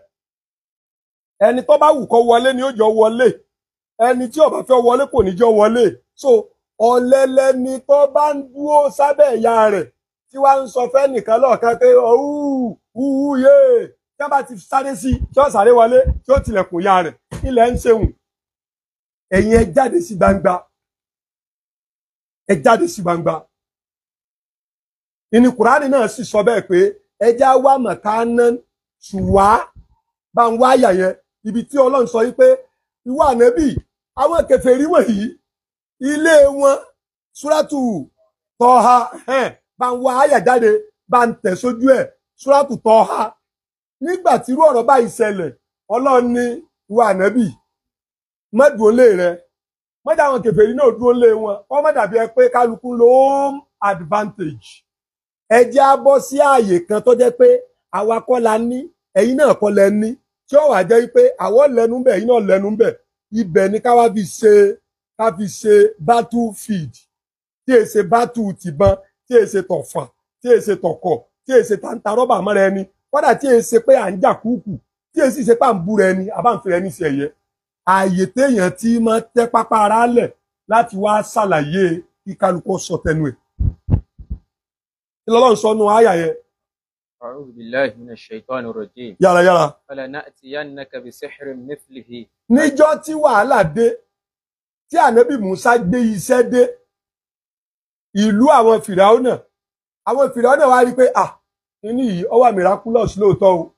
ẹni tó bá wù kó wọlé ni ó jọ wọlé ẹni tí ó bá wọlé kò ní jọ wọlé so ọ̀lẹ́lẹ́ ni tó bá ń dúró sábẹ́ ìyá rẹ̀ tí wàá ń sọ fẹ́ nìkan lọ́ọ̀kan pé ọ̀hún hùhù yéé. tí wọ́n bá ti sáré sí tí wọ́n sáré wọlé tí ó tilẹ̀kùn ya rẹ̀ ilẹ̀ ń ṣeun ẹ̀yin ẹ jáde sí gbangba ẹ jáde sí gbangba ìní kùránì náà sì sọ bẹ́ẹ̀ pé ẹja wà mọ̀kánná ṣùwá bá ń wá àyà yẹn ibi tí ọlọ́run sọ yìí pé ìwọ ànábì àwọn kèfèrí wọ̀nyí ilé wọn súrátù tọ́ha bá ń wá àyà jáde bá ń tẹ̀ sójú ẹ̀ súrátù tọ́ha nígbà tí irú ọ̀rọ̀ báyìí ṣẹlẹ̀ ọlọ́run ní ìwà ànábì má dùn lé rẹ má dà wọn kèfèrí náà dúró lé wọn wọn má dàbí ẹ pé kálukú ló ń advantage ẹ jẹ́ á bọ́ sí ààyè kan tó jẹ́ pé àwa kọ́ la ní ẹ̀yin náà kọ́ lẹ ní tí ó wà jẹ́ pé àwọ̀ lẹ́nu bẹ̀ ẹ̀yin náà lẹ́nu bẹ̀ ibẹ̀ ni ká wá fi ṣe ká fi ṣe battle field tí è ṣe battle tìbọn tí è ṣe tọ̀fà tí è ṣe tọ̀kọ̀ tí è tàǹtà rọ́bà mọ́ra ẹni kọ́dà tí èyí ṣe pé à ń jà kúùkù tí èyí sì ṣe pé à ń búra ẹni àbá ń fi ẹni ṣe ẹ̀yẹ ààyè téèyàn ti máa tẹ́ pápá ara lẹ̀ láti wá ṣàlàyé kí kálukú sọ tẹnu ẹ̀ ìlọ́lọ́run sọ nu àyà yẹn. أعوذ بالله من الشيطان الرجيم يلا يلا فلنأتينك بسحر مثله níjọ́ tí wàhálà dé tí ànábì Mùsá gbé iṣẹ́ dé ìlú àwọn Fìràwọ́nà àwọn Fìràwọ́nà wá kíní yìí ó wà miraculous lóòótọ́ o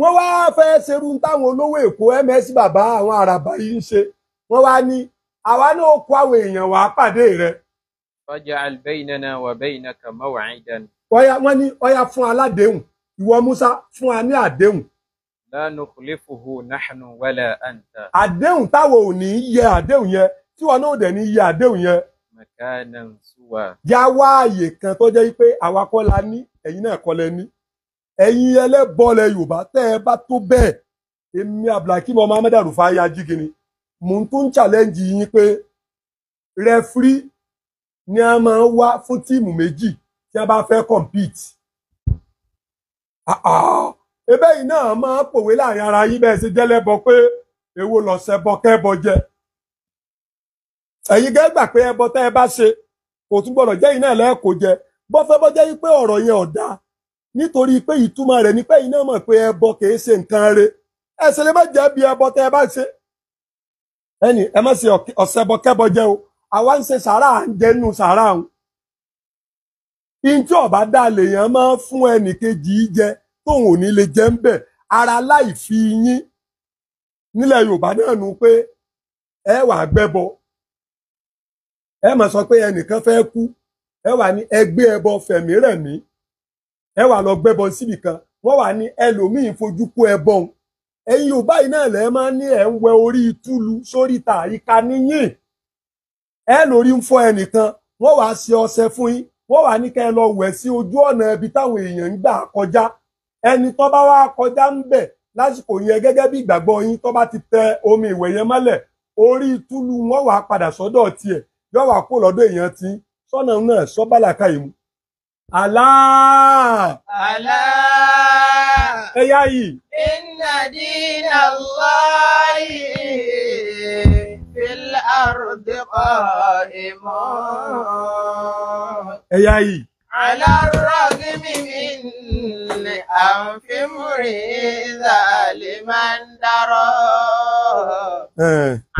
wọ́n wá fẹ́ ṣerú táwọn olówó èkó ms bàbá àwọn àràbà yìí ń ṣe wọ́n wá ní àwa náà kó àwọn èèyàn wàá pàdé rẹ. faj'al baynana wa baynaka maw'idan. wọ́n ní ọya fún aládéhùn ìwọ Musa fún wa ní àdéhùn. la nukhlifuhu nahnu wala anta. àdéhùn táwọn ò ní yẹ àdéhùn yẹn tí wọn náà ò dẹ̀ ní yẹ àdéhùn yẹn já wá àyè kan tó jẹ́ pé àwa kọ́ la ní ẹ̀yin náà kọ́ lẹ ní ẹ̀yin ẹlẹ́bọ̀lẹ̀ yorùbá tẹ́ ẹ bá tó bẹ́ẹ̀ èmi abdulhakeem ọmọ ahmed arufa ya jígini mò ń tún challenge yín pé rẹfúrí ni a máa ń wá fún tíìmù méjì tí a bá fẹ́ compete ebe yìí náà máa ń pòwe láàrin ara yín bẹ́ẹ̀ ṣe jẹ́lẹ́bọ pé èwo lọ̀sẹ̀ bọ kẹ́bọ jẹ́ ẹ̀yin gẹ́gẹ́ gbà pé ẹbọ tẹ́ ẹ bá ṣe kò tún gbọ́dọ̀ jẹ́ iná ẹlẹ́ẹ̀kọ́ jẹ bọ́ fẹ́ bọ́ jẹ́ pé ọ̀rọ̀ yẹn ọ̀dà nítorí pé ìtumọ̀ rẹ̀ ni pé iná mọ̀ pé ẹbọ kìí ṣe nǹkan re lè má ẹbọ ẹ bá ṣe ẹ má ṣe o àwa ń ṣe sàárà à ń nù sàárà ìjọ ọba dá lèèyàn máa ń fún ẹnì kejì ara láì fi yín Yorùbá náà nu pé ẹ wà ẹ máa sọ pé ẹnìkan fẹ́ kú ẹ wà ní ẹgbẹ́ ẹbọ fẹ̀mí rẹ̀mí ẹ wà lọ gbẹ́bọ síbì kan wọ́n wà ní ẹlòmíì fojú kú ẹbọ ẹ̀yin ò báyìí náà lẹ máa ní ẹ ń wẹ orí túlù sórí tàríka níyìn ẹ lórí ń fọ ẹnìkan wọ́n wàá ṣe ọṣẹ fún yín wọ́n wà ní kẹ́ ẹ lọ wẹ̀ sí ojú ọ̀nà ibi táwọn èèyàn ń gbà kọjá ẹni tó bá wá kọjá ń bẹ̀ lásìkò yẹn gẹ́gẹ́ bí ìgbàgbọ́ yín tó bá ti tẹ omi ìwẹ̀ yẹn mọ́lẹ̀ orí túlu wọ́n wàá padà sọ́dọ̀ tiẹ̀ yóò wá kó lọ́dọ̀ èèyàn tí sọ́nà náà sọ́bàlàkà ìmú. àlá. àlá. ẹyá yìí. inna dina Allahi fil ardi qa'imun. ẹyá yìí. على الرغم من أنف مريض لمن درى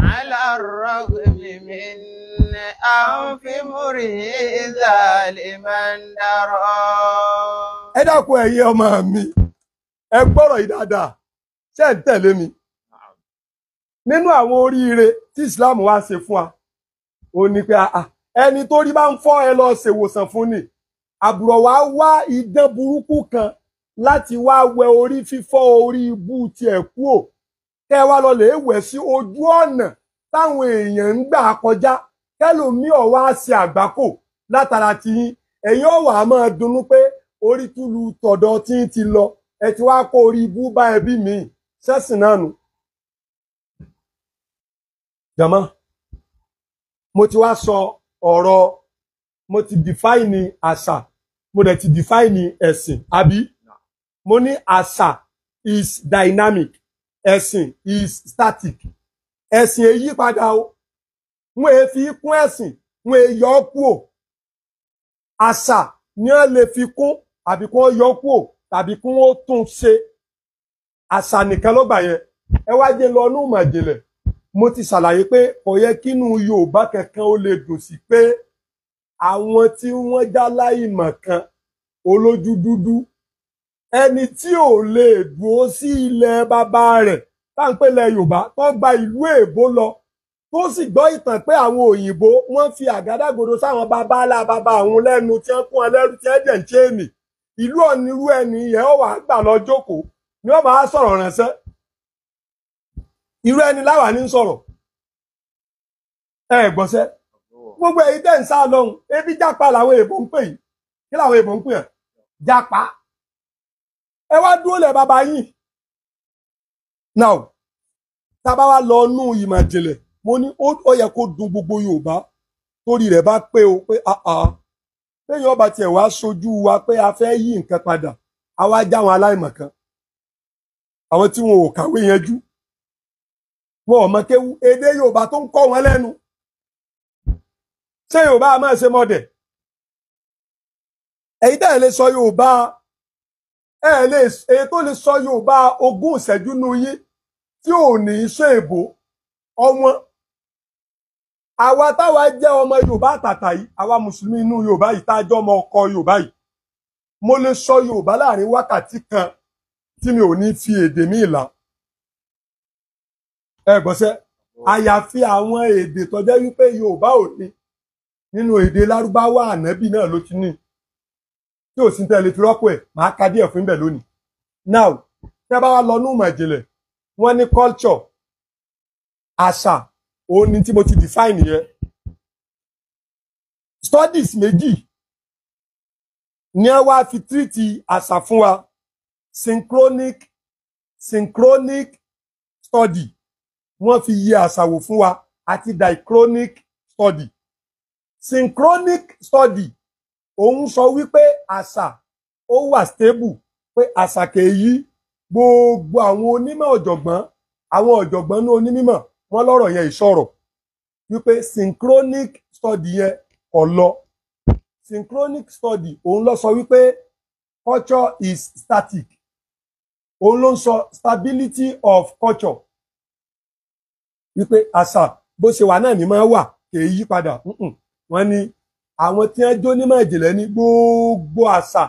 على الرغم من àwọn fi múrí ìzàlìmọ́ndàrọ̀. ẹ dákun ẹ̀yin ọmọ mi ẹ gbọ́rọ̀ yìí dáadáa ṣe ń tẹ̀lé mi nínú àwọn oríire tí Islam wá ṣe fún wa ó ní pé ẹni tó rí bá ń fọ́ ẹ lọ ṣèwòsàn fún ni àbùrọ̀ wa wá idán burúkú kan láti wá wẹ orí fífọ́ orí ibú tiẹ̀ kú ò wá lọ lè wẹ̀ sí ojú ọ̀nà táwọn èèyàn ń gbà kọjá kẹlòmíì ọ̀wá ṣe àgbákò látara ti yín ẹ̀yin ọ̀wà á máa dunnú pé orí túlù tọ̀dọ̀ tí ń ti lọ ẹ ti wá kó orí ibú bá ẹbí mi ṣẹ́sìn náà nù. jàmọ́ mo ti wá sọ ọ̀rọ̀ mo ti define àṣà mo dẹ̀ ti define ẹ̀sìn àbí mo ní àṣà is dynamic ẹ̀sìn is static ẹ̀sìn èyí padà o wọn è fi kún ẹ̀sìn wọn è yọ ọ́ kúò àṣà ni wọ́n lè fi kún àbí kí wọ́n yọ ọ́ kúò tàbí kí wọ́n tún ṣe àṣà nìkan ló gbà yẹn ẹ wá jẹ́ lọ ní ìmọ̀ ìjìnlẹ̀ mo ti ṣàlàyé pé kò kínú Yorùbá kankan ó lè dùn sí pé àwọn tí wọ́n já láìmọ̀ kan olójú dúdú ẹni tí ò lè dúró sí ilẹ̀ bàbá rẹ̀ táǹpẹ̀lẹ̀ Yorùbá tó gba ìlú èbó lọ tó sì gbọ́ ìtàn pé àwọn òyìnbó wọ́n fi àgádágodo sáwọn bàbá ńlá bàbá àwọn lẹ́nu tí wọ́n kún wọn lẹ́rú tí wọ́n dẹ̀ ń ṣe èmì ìlú ọ̀nirú ẹni yẹn ó wà gbà lọ jókòó ni wọ́n máa sọ̀rọ̀ ránṣẹ́ irú ẹni láwà ní sọ̀rọ̀ ẹ gbọ́sẹ́ gbogbo èyí tẹ̀ ń sá lọ́hùn ebi jápa làwọn èèbò ń pè yìí kí làwọn èèbò ń pè yàn jápa ẹ wá dúró lẹ̀ bàbá yìí now tá a bá wá lọ nú ìmọ̀ ìjìnlẹ̀ mo ní ó yẹ kó dùn gbogbo Yorùbá torí rẹ̀ bá pé o pé àà lẹ́yìn ọba tiẹ̀ wá sojú wa pé a fẹ́ yí nǹkan padà àwa já àwọn aláìmọ̀kan àwọn tí wọn ò kàwé yanjú wọn ò mọ kéwu èdè Yorùbá tó ń kọ́ wọn lẹ́nu ṣé Yorùbá a máa ṣe mọdẹ èyí tẹ́ ẹ̀ lè sọ Yorùbá ẹ̀ lè èyí tó lè sọ Yorùbá ogún ìṣẹ́jú nu yín tí ò ní í ṣe èbó ọwọ́n àwa táwa jẹ́ ọmọ yorùbá àtàtà yìí àwa mùsùlùmí inú yorùbá yìí tá a jọ ọmọ ọkọ yorùbá yìí mo lè sọ yorùbá láàrin wákàtí kan tí mi ò ní fi èdè mi là ẹ gbọ́sẹ́ àyàfi àwọn èdè tó jẹ́ wípé yorùbá ò ní nínú èdè lárúbáwá ànábì náà ló ti ní tí ò sí tẹ́lẹ̀ fi rọ́pò ẹ̀ máa ka díẹ̀ fún ibẹ̀ lónìí now tẹ́ bá wa lọ ní ìmọ̀ ìjìnlẹ̀ wọ́n ní culture àṣà òun ni tí mo ti define yẹn studies méjì ni a wá fi tírìtì àṣà fún wa synchronic synchronic study wọ́n fi yẹ àṣà wò fún wa àti diachronic study synchronic study òun sọ wípé àṣà ó wà stable pé àṣà kèéyí gbogbo àwọn onímọ̀ ọ̀jọ̀gbọ́n àwọn ọ̀jọ̀gbọ́n ní onímọ̀ wọ́n lọ́rọ̀ yẹn ìṣọ̀rọ̀ wípé synchronic study yẹn kò lọ synchronic study òun ló sọ wípé culture is static òun ló ń sọ stability of culture wípé àṣà bó ṣe wà náà ni máa wà kèé yí padà wọ́n ní àwọn tí wọ́n jó nímọ̀ ìjìnlẹ̀ ní gbogbo àṣà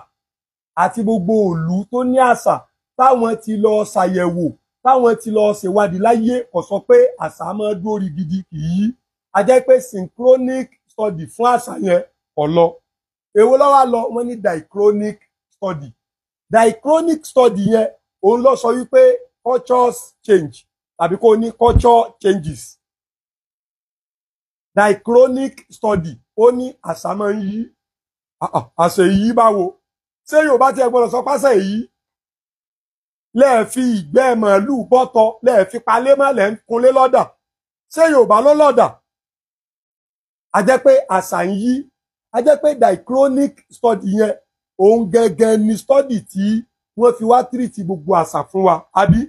àti gbogbo ìlú tó ní àṣà táwọn ti lọ ṣàyẹ̀wò táwọn ti lọ ṣèwádìí láyé kò sọ pé àṣà máa dórí gidi yìí a jẹ́ pé synchronic study fún àṣà yẹn ọ̀lọ́ èwo lọ́wọ́ lọ wọ́n ní diachronic study diachronic study yẹn òun lọ sọ wípé cultures change tàbí kò ní culture changes diachronic study ó ní àṣà máa ń yí àṣà èyí báwo ṣé Yorùbá tiẹ̀ gbọ́dọ̀ sọ pásẹ̀ èyí lẹ́ẹ̀fi ìgbẹ́ màálù bọ́tọ lẹ́ẹ̀fi palémọ́ lẹ́ ń kunlé lọ́dà ṣé Yorùbá ló lọ́dà a jẹ́ pé àṣà ń yí a jẹ́ pé diachronic study yẹn òun gẹ́gẹ́ ni study tí wọ́n fi wá tírìtì gbogbo àṣà fún wa àbí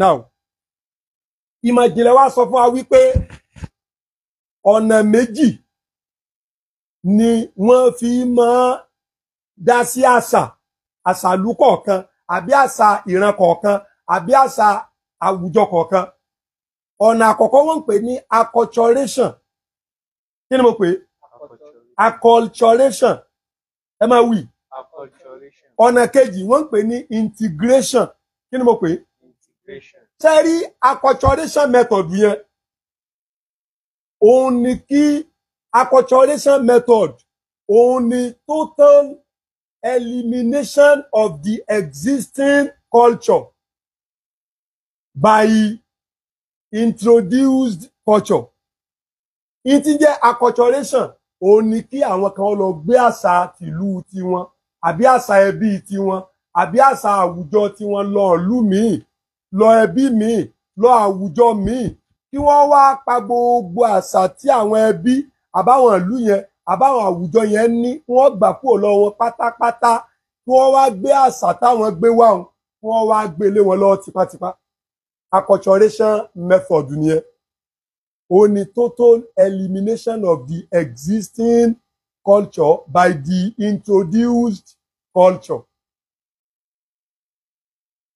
now ìmọ̀ ìjìnlẹ̀ wa sọ fún wa wípé ọ̀nà méjì ni wọ́n fi máa dá sí àṣà àṣàlú kọ̀ọ̀kan àbí àṣà ìran kọ̀ọ̀kan àbí àṣà àwùjọ kọ̀ọ̀kan ọ̀nà àkọ́kọ́ wọ́n ń pè ní acculturation kí ni mo pè é acculturation ẹ máa wí ọ̀nà kejì wọ́n ń pè ní integration kí ni mo pè é acculturation method yẹn òun ni kí acculturation method òun ni total elimination of the existing culture by introduced culture. Ìtí jẹ́ acculturation òun ni kí àwọn kan lọ gbé àṣà tìlú tiwọn àbí àṣà ẹbí tiwọn àbí àṣà àwùjọ tiwọn lọ ìlú míì lọ ẹbí míì lọ àwùjọ míì kí wọ́n wá pa gbogbo àṣà tí àwọn ẹbí àbáwọn ìlú yẹn àbáwọn àwùjọ yẹn ní wọ́n gbà kúrò lọ́wọ́ pátápátá kí wọ́n wá gbé àṣà táwọn gbé wá wọn kí wọ́n wá gbé lé wọn lọ́wọ́ tipátipá acculturation method nìyẹn ó ní total elimination of the existing culture by the introduced culture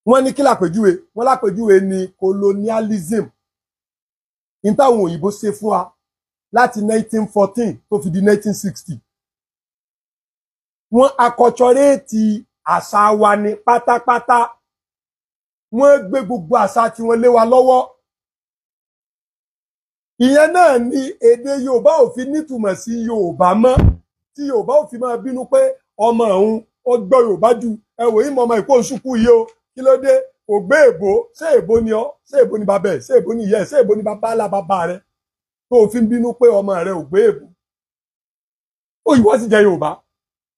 wọ́n ní kí làpèjúwe wọ́n làpèjúwe ní colonialism ní táwọn òyìnbó ṣe fún wa láti 1914 tó fi di 1960 wọ́n akọ̀chọ́rẹ́ẹ̀tì àṣà wa ni pátápátá wọ́n gbé gbogbo àṣà tiwọn lé wa lọ́wọ́ ìyẹn náà ni èdè Yorùbá ò fi nítumọ̀ sí Yorùbá mọ́ tí Yorùbá ò fi máa bínú pé ọmọ òun ó gbọ́ Yorùbá ju ẹ wò ọmọ ìkó òṣùkú yìí o kí ló dé kò gbé èbó ṣé èbó ni ọ ṣé èbó ni bàbá ẹ ṣé èbó ni ìyá ẹ ṣé èbó ni bàbá alábàbà rẹ tó fi ń bínú pé ọmọ rẹ ò gbé èbò òyìnbó sì jẹ yorùbá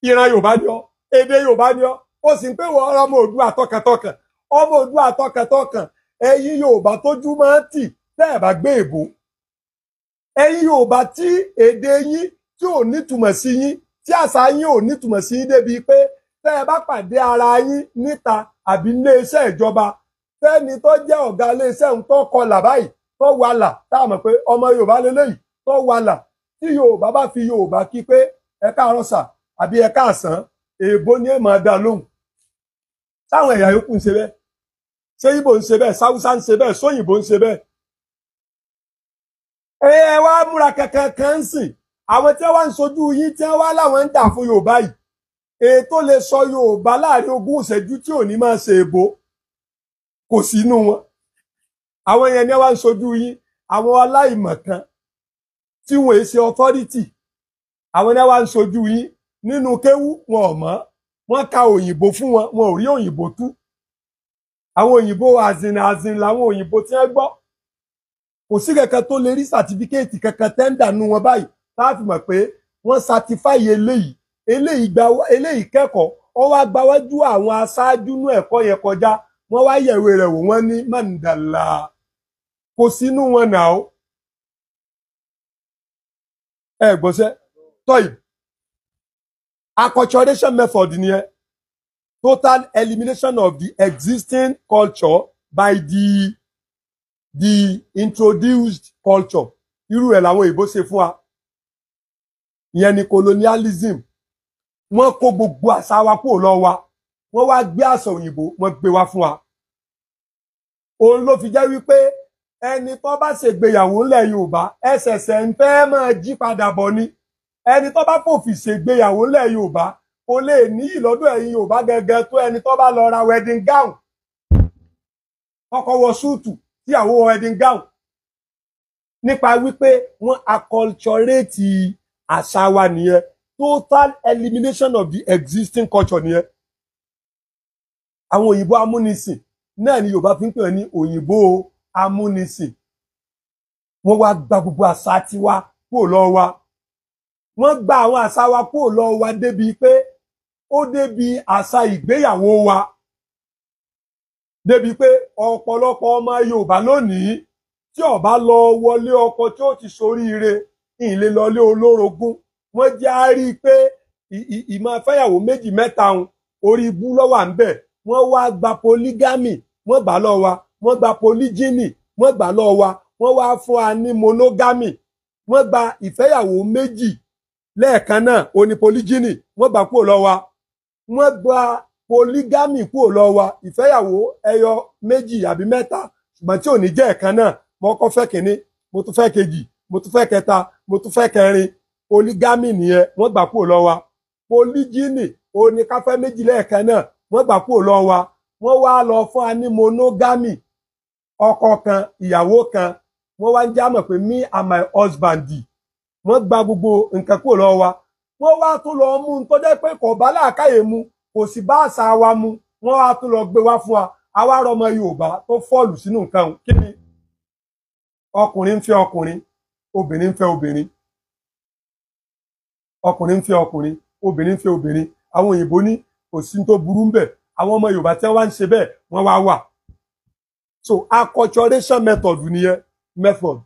ìran yorùbá ni ọ èdè yorùbá ni ọ ó sì ń pé wọ ọmọ òdua tọkàntọkàn ọmọ òdua tọkàntọkàn ẹ̀yin yorùbá tójú máa ń tì tẹ́ ẹ bá gbé èbò ẹ̀yin yorùbá tí èdè yín tí ò nítumọ̀ sí yín tí àṣà yín ò nítumọ̀ sí yín débi pé tẹ́ bá pàdé ara yín níta àbí iléeṣẹ́ ìjọba tẹ́ni tó jẹ́ ọ̀gá iléeṣẹ́ ń tó kọlà báyìí tó wàlà tá a mọ̀ pé ọmọ yorùbá lélẹ́yìí tó wàlà tí yorùbá bá fi yorùbá kí pé ẹ káàárọ̀ sà àbí ẹ káàsán èèbó ni ẹ máa dá lóhùn táwọn ẹ̀yà yòókù ń ṣe bẹ́ẹ̀ ṣé ibo ń ṣe bẹ́ẹ̀ sáwúsá ń ṣe bẹ́ẹ̀ sóyìnbó ń ṣe bẹ́ẹ̀. ẹ wá múra kankan kan ń sìn àwọn tí wọ́n ń sojú yín tí wọ́n láwọn ń dà fún yorùbá yìí ètò lè sọ yorùbá láàrin ogún ìṣẹ́jú tí ò ní máa ṣe èèbó kò sínú wọn àwọn yẹn ni wọ́n ń sojú yín àwọn aláìmọ̀kan tí wọ́n èsì authority àwọn ni wọ́n ń sojú yín nínú kéwú wọn ò mọ̀ wọ́n ka òyìnbó fún wọn wọn ò rí òyìnbó tú àwọn òyìnbó àzìnà àzìn làwọn òyìnbó tí wọ́n gbọ́ kò sí kankan tó lè rí sàtífíkẹ́ẹ̀tì kankan tẹ́ńdà nu wọn báyìí láti mọ̀ pé wọ́n satifáì eléyìí eléyìí kẹ́kọ̀ọ́ ó wá gbáwájú àwọn aṣáájú nú ẹ̀kọ́ yẹn kọjá wọ́n wá yẹ̀wé rẹ̀ wò wọ́n ní mọ̀ǹdàlá kò sínú wọn nà ó ẹ gbọ́sẹ́ tọ́yì acculturation method ni ẹ total elimination of the existing culture by the the introduced culture irú ẹ̀ làwọn òyìnbó ṣe fún wa ìyẹn ni colonialism wọ́n kó gbogbo àṣà wa kúrò lọ́wọ́ wa wọ́n wá gbé àṣà òyìnbó wọ́n gbé wá fún wa òun ló fi jẹ́ wípé ẹni tó bá ṣègbéyàwó ńlẹ̀ yorùbá ẹsẹ̀sẹ̀ ń fẹ́ máa jí padà bọ̀ ni ẹni tó bá fòfin ṣègbéyàwó ńlẹ̀ yorùbá kò lè níyì lọ́dọ̀ ẹ̀yin yorùbá gẹ́gẹ́ tó ẹni tó bá lọ ra wedding gown ọkọ wọ súùtù tíyàwó wọ wedding gown nípa wípé wọ́n acculturate àṣà wa nìyẹn total elimination of the existing culture nìyẹn àwọn òyìnbó amúnisìn náà ni yorùbá fi ń pè ní òyìnbó amúnisìn wọ́n wá gba gbogbo àṣà tiwa kúrò lọ́wọ́ wa wọ́n gba àwọn àṣà wa kúrò lọ́wọ́ wa débi pé ó débi àṣà ìgbéyàwó wa débi pé ọ̀pọ̀lọpọ̀ ọmọ yorùbá lónìí tí ó bá lọ wọlé ọkọ tí ó ti ṣoríire ìlè lọlé olórogún wọ́n jẹ́ á i pé ìmọ̀ afẹ́yàwó méjì mẹ́ta orí ibú ló wà ń bẹ̀ wọ́n wá gba polygamy wọ́n gbà lọ́wọ́ wa wọ́n gba polygyny wọ́n gbà lọ́wọ́ wa wọ́n wá fún wa ní monogamy wọ́n gba ìfẹ́yàwó méjì lẹ́ẹ̀kan náà ó polygyny wọ́n gbà kúrò lọ́wọ́ wa wọ́n gba polygamy kúrò lọ́wọ́ wa ìfẹ́yàwó ẹyọ méjì àbí mẹ́ta ṣùgbọ́n tí ò ní jẹ́ ẹ̀kan náà mo kọ́ fẹ́ kínní mo tún fẹ́ kejì mo tún fẹ́ kẹta mo tún fẹ́ kẹrin polygamy nìyẹn wọ́n gbà kúrò lọ́wọ́ wa polygyny ó ní ká fẹ́ méjì lẹ́ẹ̀kan náà wọ́n gbà kúrò lọ wa wọ́n wá lọ fún wa ọkọ kan ìyàwó kan wọ́n wá ń já pé me and my husband wọ́n gba gbogbo nǹkan kúrò lọ wa wọ́n wá tún lọ mú un tó jẹ́ pé kò bá làákàyè mu kò sì bá àṣà wa mu wọ́n wá tún lọ gbé wá fún wa àwa rọmọ Yorùbá tó fọ́ọ̀lù sínú nǹkan kí ni ọkùnrin ń fẹ́ ọkùnrin obìnrin ń fẹ́ obìnrin ọkùnrin ń fẹ́ ọkùnrin obìnrin ń fẹ́ obìnrin àwọn òyìnbó ní kò sí tó burú ń bẹ̀ àwọn ọmọ yorùbá tí wọ́n ń ṣe bẹ́ẹ̀ wọ́n wá wà so acculturation method nìyẹn method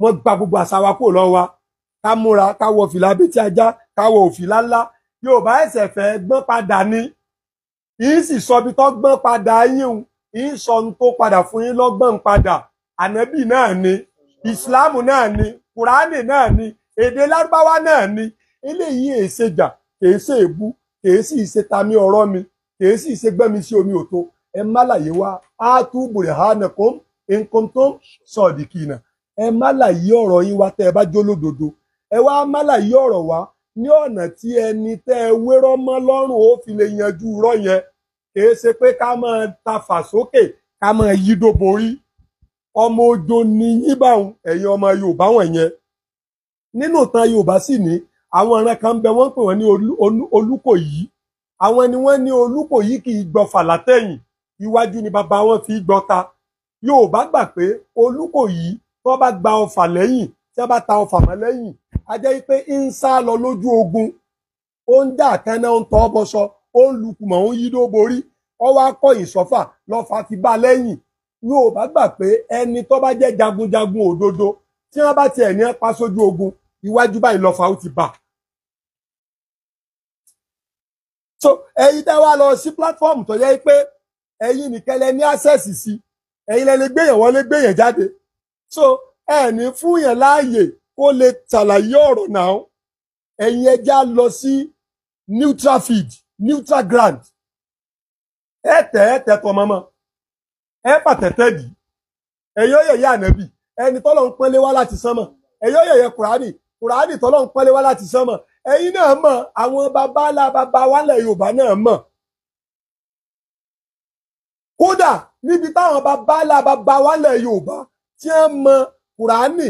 wọ́n gba gbogbo àṣà wa kúrò lọ́wọ́ wa ká múra ká wọ fìlà abẹ́tí ajá ká wọ òfìlà ńlá yorùbá ẹ̀sẹ̀ fẹ́ gbọ́n padà ni yìí sì sọ ibi tó gbọ́n padà yín yìí sọ ohun tó padà fún yín lọ́gbọ́n padà ànábì náà ni ìsìláàmù náà ni kùránì náà ni èdè lárúbáwá náà ni eléyìí èsèjà èsè èbú kèé sì ṣe tami ọ̀rọ̀ mi kèé sì ṣe gbẹ́mi sí omi òtó ẹ má láyé wá á tú burhanakum in kuntum sadiqina ẹ má láyé ọ̀rọ̀ yín wá tẹ́ ẹ bá jó lódodo ẹ wá má láyé ọ̀rọ̀ wá ní ọ̀nà tí ẹni tẹ́ ẹ wérọ́ mọ́ lọ́rùn ó fi lè yanjú rọ́ yẹn kèé pé ká máa ta fà sókè ká máa yídó borí ọmọ ojo ni yín báwọn ẹ̀yin ọmọ Yorùbá wọ̀nyẹn nínú ìtàn Yorùbá sì ní àwọn ìran kan bẹ wọ́n pè wọ́n ní Olúkòyí àwọn ni wọ́n ní Olúkòyí kì í gbọ́fà látẹ̀yìn iwájú ni bàbá wọn fi gbọ́ta Yorùbá gbà pé Olúkòyí tó bá gba ọfà lẹ́yìn tí wọ́n bá ta ọfà mọ́ lẹ́yìn a jẹ́ pé ń sá lọ lójú ogun ó ń dà kánná ń tọ́ bọ́sọ ó ń lukùmọ̀ ó ń yí ló borí ó wá kọ́ ìsọ́fà lọ́fà ti bá lẹ́yìn Yorùbá gbà pé ẹni tó bá jẹ́ jagunjagun òdodo tí wọ́n bá tiẹ̀ ní pa sójú ogun iwájú báyìí lọ́fà ó ti bà. so ẹ̀yin tẹ́ wá lọ sí platform tó yẹ pé ẹ̀yin nìkan lẹ ní access sí ẹ̀yin lẹ lè gbéyàn wọlé gbéyàn jáde so ẹ ní fún yàn láàyè kó lè ṣàlàyé ọ̀rọ̀ náà ẹ̀yin ẹja lọ sí neutral feed neutral ground ẹ tẹ ẹ tẹ tọ mọmọ ẹ pàtẹtẹ dì ẹ̀yin ó yẹ yá ànábì ẹni tọ́lọ̀ ń pọ́nlé wá láti sánmọ̀ ẹ̀yin ó yẹ yẹ kùránì kùránì tọ́lọ́ ń pọ́nlé wá láti sánmọ̀ ẹ̀yin náà mọ̀ àwọn babalá baba wálẹ̀ yorùbá náà mọ̀ kódà níbi táwọn babalá baba wálẹ̀ yorùbá tí wọ́n mọ kùránì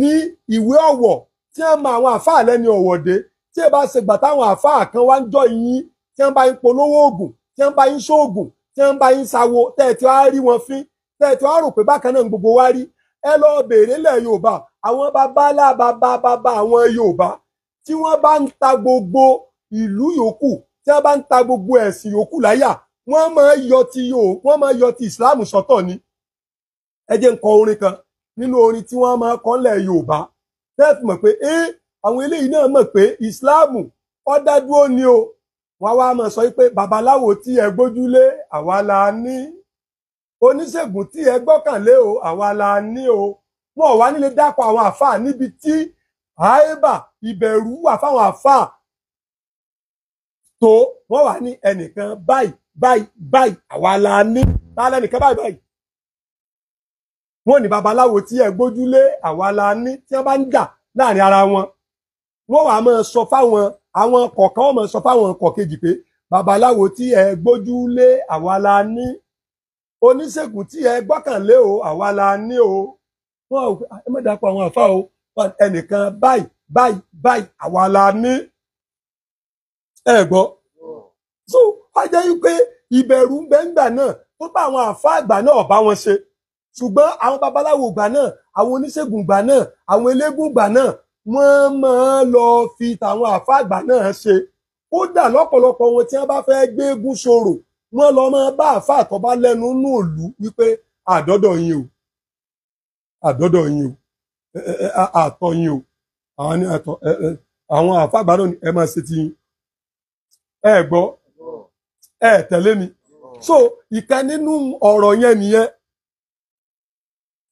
ní ìwé ọ̀wọ̀ tí wọ́n mọ àwọn àfáà lẹ́ni ọ̀wọ̀dé tí ẹ bá ṣe gbà táwọn àfáà kan wá ń jọ yín tí wọ́n bá ń polówó oògùn tí wọ́n bá ń ṣoògùn tí wọ́n bá ń sawo tẹ́ wá rí wọn fín tẹ́ wá rò pé bákan náà gbogbo wá rí ẹ lọ béèrè lẹ̀ yorùbá àwọn babalá bàbá bàbá àwọn Yorùbá tí wọ́n bá ń ta gbogbo ìlú yòókù tí wọ́n bá ń ta gbogbo ẹ̀sìn yòókù láyà wọ́n máa yọ ti yòó wọ́n máa yọ ti Islam sọ́tọ̀ ni ẹ jẹ́ ń kọ orin kan nínú orin tí wọ́n máa kọ lẹ̀ Yorùbá tẹ́ẹ̀fì mọ̀ pé ẹ́ àwọn eléyìí náà mọ̀ pé Islam ó dúró ni o wọ́n wá máa sọ pé babaláwo tí ẹ gbójúlé àwa la ní oníṣègùn tí ẹ gbọ́kànlé o àwa la ní o wọn ò wá nílé dápọ̀ àwọn àfáà níbi tí àìbà ìbẹ̀rù wà fáwọn àfáà tó wọn wà ní ẹnìkan báyìí báyìí báyìí àwa la ní tálẹ́ nìkan báyìí báyìí wọn ní babaláwo tí ẹ gbójúlé àwa la ní tí wọn bá ń jà láàrin ara wọn wọn wà máa sọ fáwọn àwọn kọ̀ọ̀kan wọn máa sọ fáwọn kọ̀ọ̀kejì pé babaláwo tí ẹ gbójúlé àwa la ní oníṣègùn tí ẹ gbọ́kànlé o àwa la ní o wọn ò ah, ẹ má dàpọ̀ àwọn àfa o ẹnìkan báyìí báyìí báyìí àwa la ní ẹ gbọ́ so a jẹ́ wípé ìbẹ̀rù ń bẹ ńgbà náà tó bá àwọn àfa àgbà náà bá wọn ṣe ṣùgbọ́n àwọn babaláwo gbà náà àwọn oníṣègùn gbà náà àwọn eléégún gbà náà wọ́n máa lọ fi tàwọn àfa àgbà náà ṣe kódà lọ́pọ̀lọpọ̀ wọn tí wọ́n bá fẹ́ gbé eégún ṣòro wọ́n lọ máa bá àfa àtọ́bá lẹ́nu nù ìlú wípé àdọ́dọ̀ yín o àdọ́dọ̀ yín o àtọ̀ yín o àwọn ní àtọ̀ àwọn àfàgbàdàn ni ẹ máa ṣe ti yín ẹ gbọ́ ẹ tẹ̀lé mi so ìkan nínú ọ̀rọ̀ yẹn nìyẹn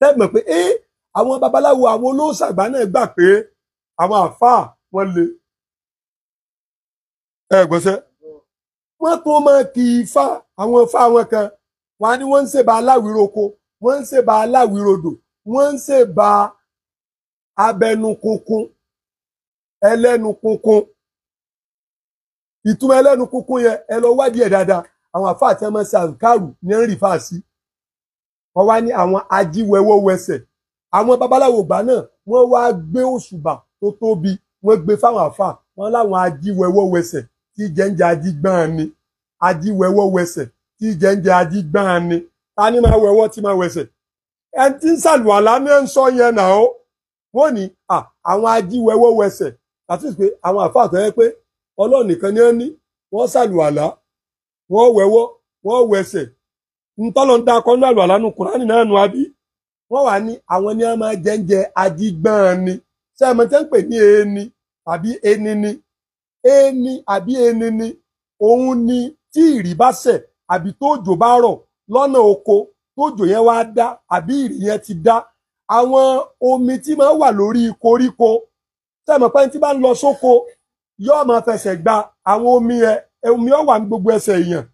tẹ́gbọ̀n pé ẹ àwọn babaláwo àwọn olóòṣàgbà náà gbà pé àwọn àfáà wọ́n le ẹ gbọ́sẹ́ wọ́n tún máa kì í fa àwọn fa àwọn kan wọ́n á ní wọ́n ń ṣèbà aláwìroko wọ́n ń ṣèbà aláwìrodò wọ́n ń ṣèbà abẹnukunkun ẹlẹ́nukunkun ìtumọ̀ ẹlẹ́nukunkun yẹn ẹ lọ wádìí ẹ̀ dáadáa àwọn àfáà tí wọ́n máa ń ṣe àǹkárù ní ń rì fáàsì wọ́n wá ní àwọn ajíwẹ́wọ́wẹsẹ̀ àwọn babaláwo gbà náà wọ́n wá gbé òṣùbà tó tóbi wọ́n gbé fáwọn àfáà wọ́n láwọn ajíwẹ́wọ́wẹsẹ̀ tí jẹ́ǹjẹ́ ajígbọ́n ni ajíwẹ́wọ́wẹsẹ̀ tí jẹ́ǹjẹ́ ajígbọ́n ni ta ni máa wẹ̀wọ́ tí máa wẹsẹ̀ ẹni tí ń ṣàlùwàlá ń sọ yẹn náà ó ní àwọn ajíwẹwọ wẹsẹ̀ àti pé àwọn àfáà tó yẹ pé nìkan ni wọn ní wọ́n ṣàlùwàlá wọ́n wẹ̀wọ́ wọ́n wẹsẹ̀ ntọ́lọ́ ń dakọ́ ní àlùwàlá nu náà wà ní àwọn ní máa ni sẹ́mi tẹ́ ń ni ẹni àbí ẹni ni òun ni tí ìrì bá ṣẹ̀ àbí tó bá rọ̀ lọ́nà oko tójò yẹn wá dá àbí ìrì yẹn ti dá àwọn omi tí máa ń wà lórí koríko tẹmọ pé tí bá ń lọ sóko yóò máa fẹsẹ̀ gba àwọn omi ẹ omi ọ wà ní gbogbo ẹsẹ̀ èèyàn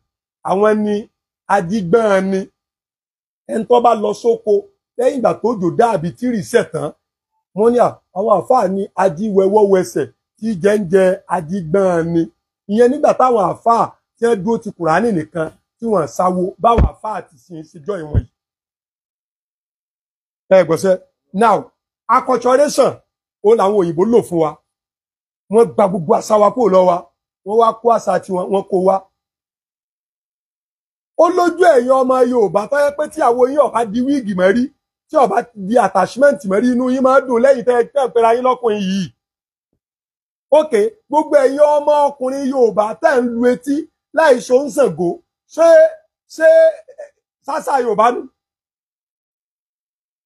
àwọn ni adigbọ́n ni ẹni tó bá lọ sóko lẹ́yìn ìgbà tójò dá àbí tírì sẹ̀ tán wọ́n ní àwọn àáfàá ní adiwẹwọwẹsẹ̀ tí jẹ́ ń jẹ adigbọ́n ni ìyẹn nígbà táwọn àáfàá tí dúró ti kùránì nìkan tí wọ́n sáwo báwọn àfáà ti sin ìṣèjọ́ ìwọ̀n yìí. ẹ gbọ́sẹ̀ now acculturation ó làwọn òyìnbó lò fún wa wọ́n gba gbogbo àṣà wa kúrò lọ́wọ́ wa wọ́n wá kó àṣà tiwọn wọ́n kó wa. ó lójú ẹ̀yin ọmọ Yorùbá tó yẹ pé tí àwọn yín ọ̀ka di wíìgì mọ́ tí ọba di attachment mọ́ rí inú yín máa dùn lẹ́yìn tẹ́ ẹ tẹ́ ẹ pera yín lọ́kùnrin yìí ok gbogbo ẹ̀yin ọmọ ọkùnrin Yorùbá tẹ́ ń lu etí láì ṣe ń Ṣàngó ṣé ṣé sásà yorùbá nù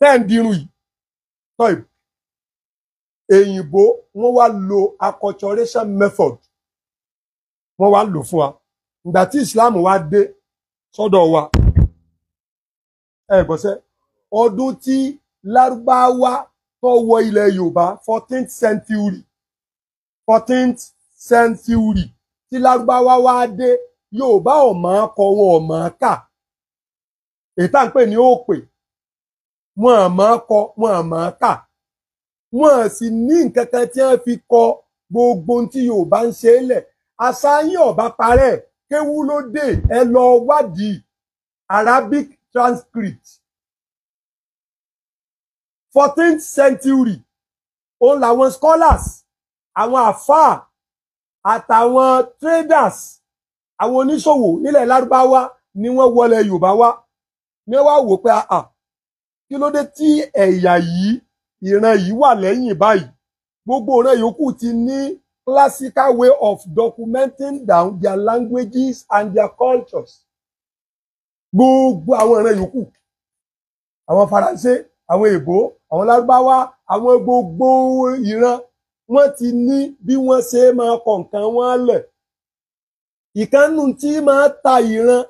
ten ń dirun yìí tọ́ ìbò èyìnbó wọ́n wá lo acculturation method wọ́n wá lò fún wa ìgbà tí islam wá dé sọ́dọ̀ wa ẹ gbọ́sẹ́ ọdún tí lárúbáwá tó wọ ilẹ̀ yorùbá fourteenth century fourteenth century tí lárúbáwá wá dé yorùbá ò mọ̀ ọ́ kọ wọn ò mọ̀ ọ́ kà èyí tá à ń pè ní òpè wọn ò mọ̀ ọ́ kọ wọn ò mọ̀ ọ́ kà wọn ò sì ní nǹkan kan tí wọ́n fi kọ gbogbo tí yorùbá ń ṣe é lẹ̀ àṣà yín ọ̀bá kéwú ló dé ẹ lọ wádìí arabic transcript fourteenth century òun làwọn scholars àwọn àfáà àtàwọn traders àwọn oníṣòwò nílẹ̀ lárúbáwá ni wọ́n wọlé yorùbá wá ní wàá wò pé àà kí ló dé tí ẹ̀yà yìí ìran yìí wà lẹ́yìn báyìí gbogbo ìran yòókù ti ní classical way of documenting down their languages and their cultures gbogbo àwọn ìran yòókù àwọn faransé àwọn èbó àwọn lárúbáwá àwọn gbogbo ìran wọ́n ti ní bí wọ́n ṣe máa kọ nǹkan wọn lẹ̀ ìkánnù tí máa ta ìran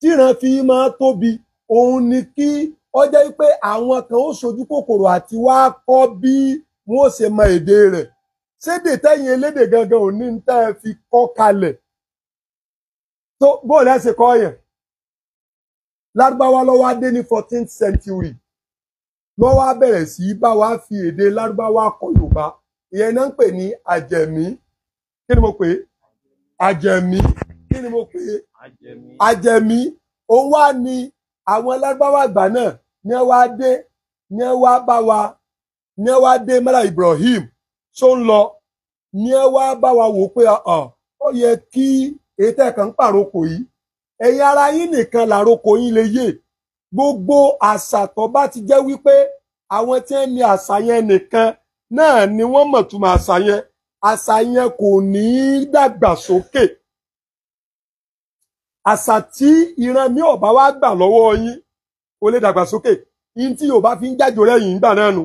tíran fi máa tóbi òun ni kí ó jẹ́ pé àwọn kan ó sojú kòkòrò àti wá kọ́ bí wọ́n ó ṣe mọ èdè rẹ̀ sédè tẹ́yìn elédè gangan ò ní tẹ́ ẹ fi kọ́ kalẹ̀ tó bó lẹ́ ṣe kọ́ yẹn lárúbáwá lọ́wọ́ adé ní fourteenth century lọ́wọ́ á bẹ̀rẹ̀ sí í bá wa fi èdè lárúbáwá kọ́ Yorùbá ìyẹn náà ń pè ní àjẹmí kí ni mo pè é àjẹmí kí ni mo pè é àjẹmí òun wá ní àwọn lárúbáwá àgbà náà ní ẹ wá dé ní ẹ wá bá wa ní ẹ wá dé mọ́lá Ibrahim tó ń lọ ní ẹ wá bá wa wò pé ó yẹ kí ètò ẹ̀ka ń pàrokò yìí ẹ̀yin ara yín nìkan làrokò yín lè yé gbogbo àṣà tó bá ti jẹ́ wípé àwọn tí ń ní àṣà yẹn nìkan náà ni wọ́n mọ̀túmọ̀ àṣà yẹn àṣà yẹn kò ní dàgbàsókè àṣà tí ìran mi ọba wa gbà lọ́wọ́ yín kò lè dàgbàsókè yín tí yorùbá fi ń jájò lẹ́yìn ìgbà náà nu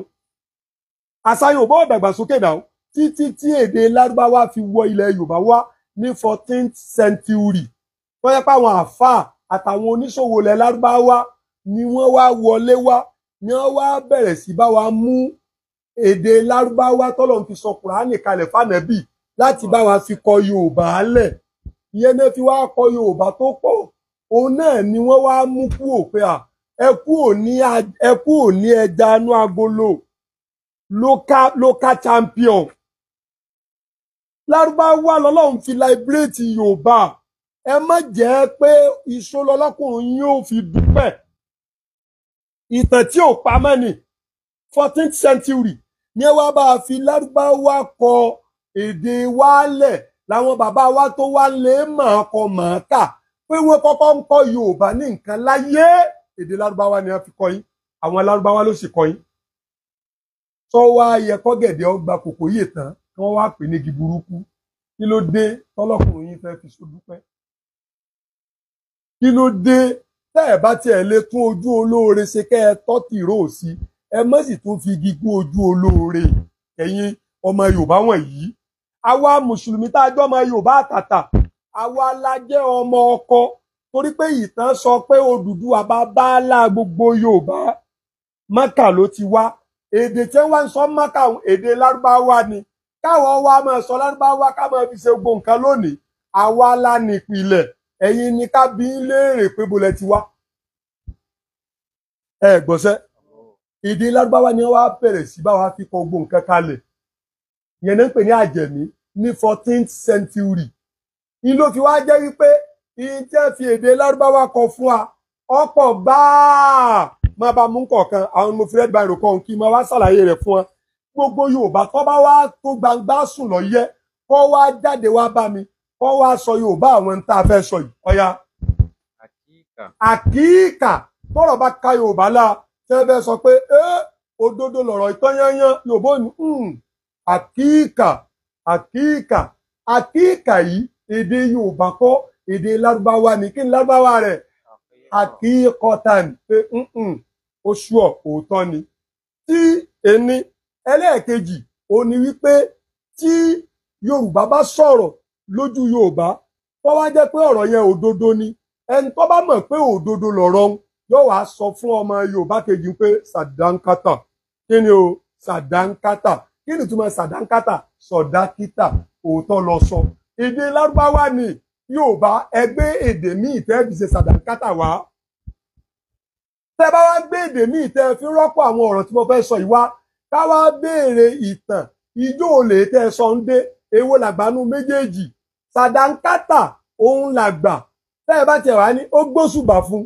àṣà yorùbá ò dàgbàsókè náà títí tí èdè lárúbáwá fi wọ ilẹ̀ yorùbá wá ní fourteenth century wọ́n yẹ pé àwọn àfáà àtàwọn oníṣòwò ilẹ̀ lárúbáwá ni wọ́n wá wọlé wá ni wọ́n wá bẹ̀rẹ̀ sí bá wa mú èdè lárúbáwá tọ́lọ́run fi sọ kùránì kalẹ̀ fànẹ́bì láti bá wa fi kọ yorùbá lẹ̀ ìyẹn náà fi wá kọ yorùbá tó pọ̀ òun náà ni wọ́n wá mú kú òpè à ẹkú ò ní ẹja anú agolo local champion lárúbáwá lọ́lọ́run fi láìbírèètì yorùbá ẹ má jẹ́ pé ìṣó lọ́lọ́kùnrin yóò fi dúpẹ́ ìtàn tí ò pamọ́ ni fourteenth century ní wá bá a fi lárúbáwá kọ èdè wálẹ̀ làwọn bàbá wa tó wá lè máa kọ màá kà pé wọ́n kọ́kọ́ ń kọ yorùbá ní nǹkan láyé èdè lárúbáwá ni wọ́n fi kọ yín àwọn lárúbáwá ló sì kọ yín tó wá yẹ kọ́gẹ̀dẹ̀ ọgbà kòkó yè tán kí wọ́n wá pè ní igi burúkú kí ló dé tọ́lọ́kùnrin yín fẹ́ẹ́ fi sódúpẹ́ kí ló dé tẹ́ ẹ̀ bá tiẹ̀ lè tún ojú olóore ṣe kẹ́ ẹ tọ́ tìró sí i ẹ má sì tún fi igi gún ojú olóore ẹ̀yin ọmọ yorùbá wọ̀nyí àwa mùsùlùmí tá a jọ ọmọ yorùbá àtàtà àwa la jẹ́ ọmọ ọkọ torí pé ìtàn sọ pé Odùduwà bàbá ńlá gbogbo yorùbá mọ́kà ló ti wá èdè tí wọ́n sọ mọ́kà èdè lárúbáwá ni káwọn wa máa sọ lárúbáwá ká máa fi ṣe gbogbo nǹkan lónìí àwa la ẹ̀yin ni ká bí léèrè pé bolẹ̀ ti wá ẹ gbọ́sẹ́ èdè lárúbáwá ni wọ́n wá bẹ̀rẹ̀ sí báwa fi kọ gbogbo nǹkan kalẹ̀ yẹn náà ń pè ní àjẹmí ní fourteenth century ni ló fi wá jẹ́ wípé ìjẹ́ fi èdè lárúbáwá kọ fún wa ọ̀pọ̀ gbáà máa bá mú kọ̀ọ̀kan àwọn mo fi rẹ́dí báyìí kọ́ kí n máa wá ṣàlàyé rẹ̀ fún wọn gbogbo yorùbá tó bá wá tó gbangba sùn lọ yẹ kó wá jáde wá bá mi kó wá sọ yorùbá àwọn tá a fẹ́ sọ yìí ọ̀ya. àkíkà tọrọ bá ka yorùbá la tẹ́bẹ̀ sọ pé ẹ òdodo lọ̀rọ̀ ìtọ́yányán Yorùbá ní àkíkà àkíkà àkíkà yìí èdè Yorùbá kọ́ èdè lárúbáwá ni kí ni lárúbáwá rẹ̀ àkíkọ̀tàn pé oṣù òótọ́ ni tí ẹni ẹlẹ́ẹ̀kejì ó ní wípé tí Yorùbá bá sọ̀rọ̀ lójú Yorùbá tó wá jẹ́ pé ọ̀rọ̀ yẹn òdodo ni ẹni tó bá mọ̀ pé òdodo lọ̀rọ̀ yóò wá sọ fún ọmọ Yorùbá kejì pé sàdánkátà kí ni o sàdánkátà kí ni túmọ̀ sàdánkátà sọ̀dákítà òótọ́ lọ sọ èdè lárúbáwá ni Yorùbá ẹgbẹ́ èdè míì tẹ́ fi ṣe sàdánkátà wá tẹ́ bá wá gbé èdè míì tẹ́ fi rọ́pò àwọn ọ̀rọ̀ tí mo fẹ́ sọ ìwá ká wá béèrè ìtàn ijó olè tẹ́ sọ ń dé èwo làgbánú méjèèjì sàdánkátà òun làgbà tẹ́ ẹ bá tiẹ̀ wá ní ó gbóṣùbà fún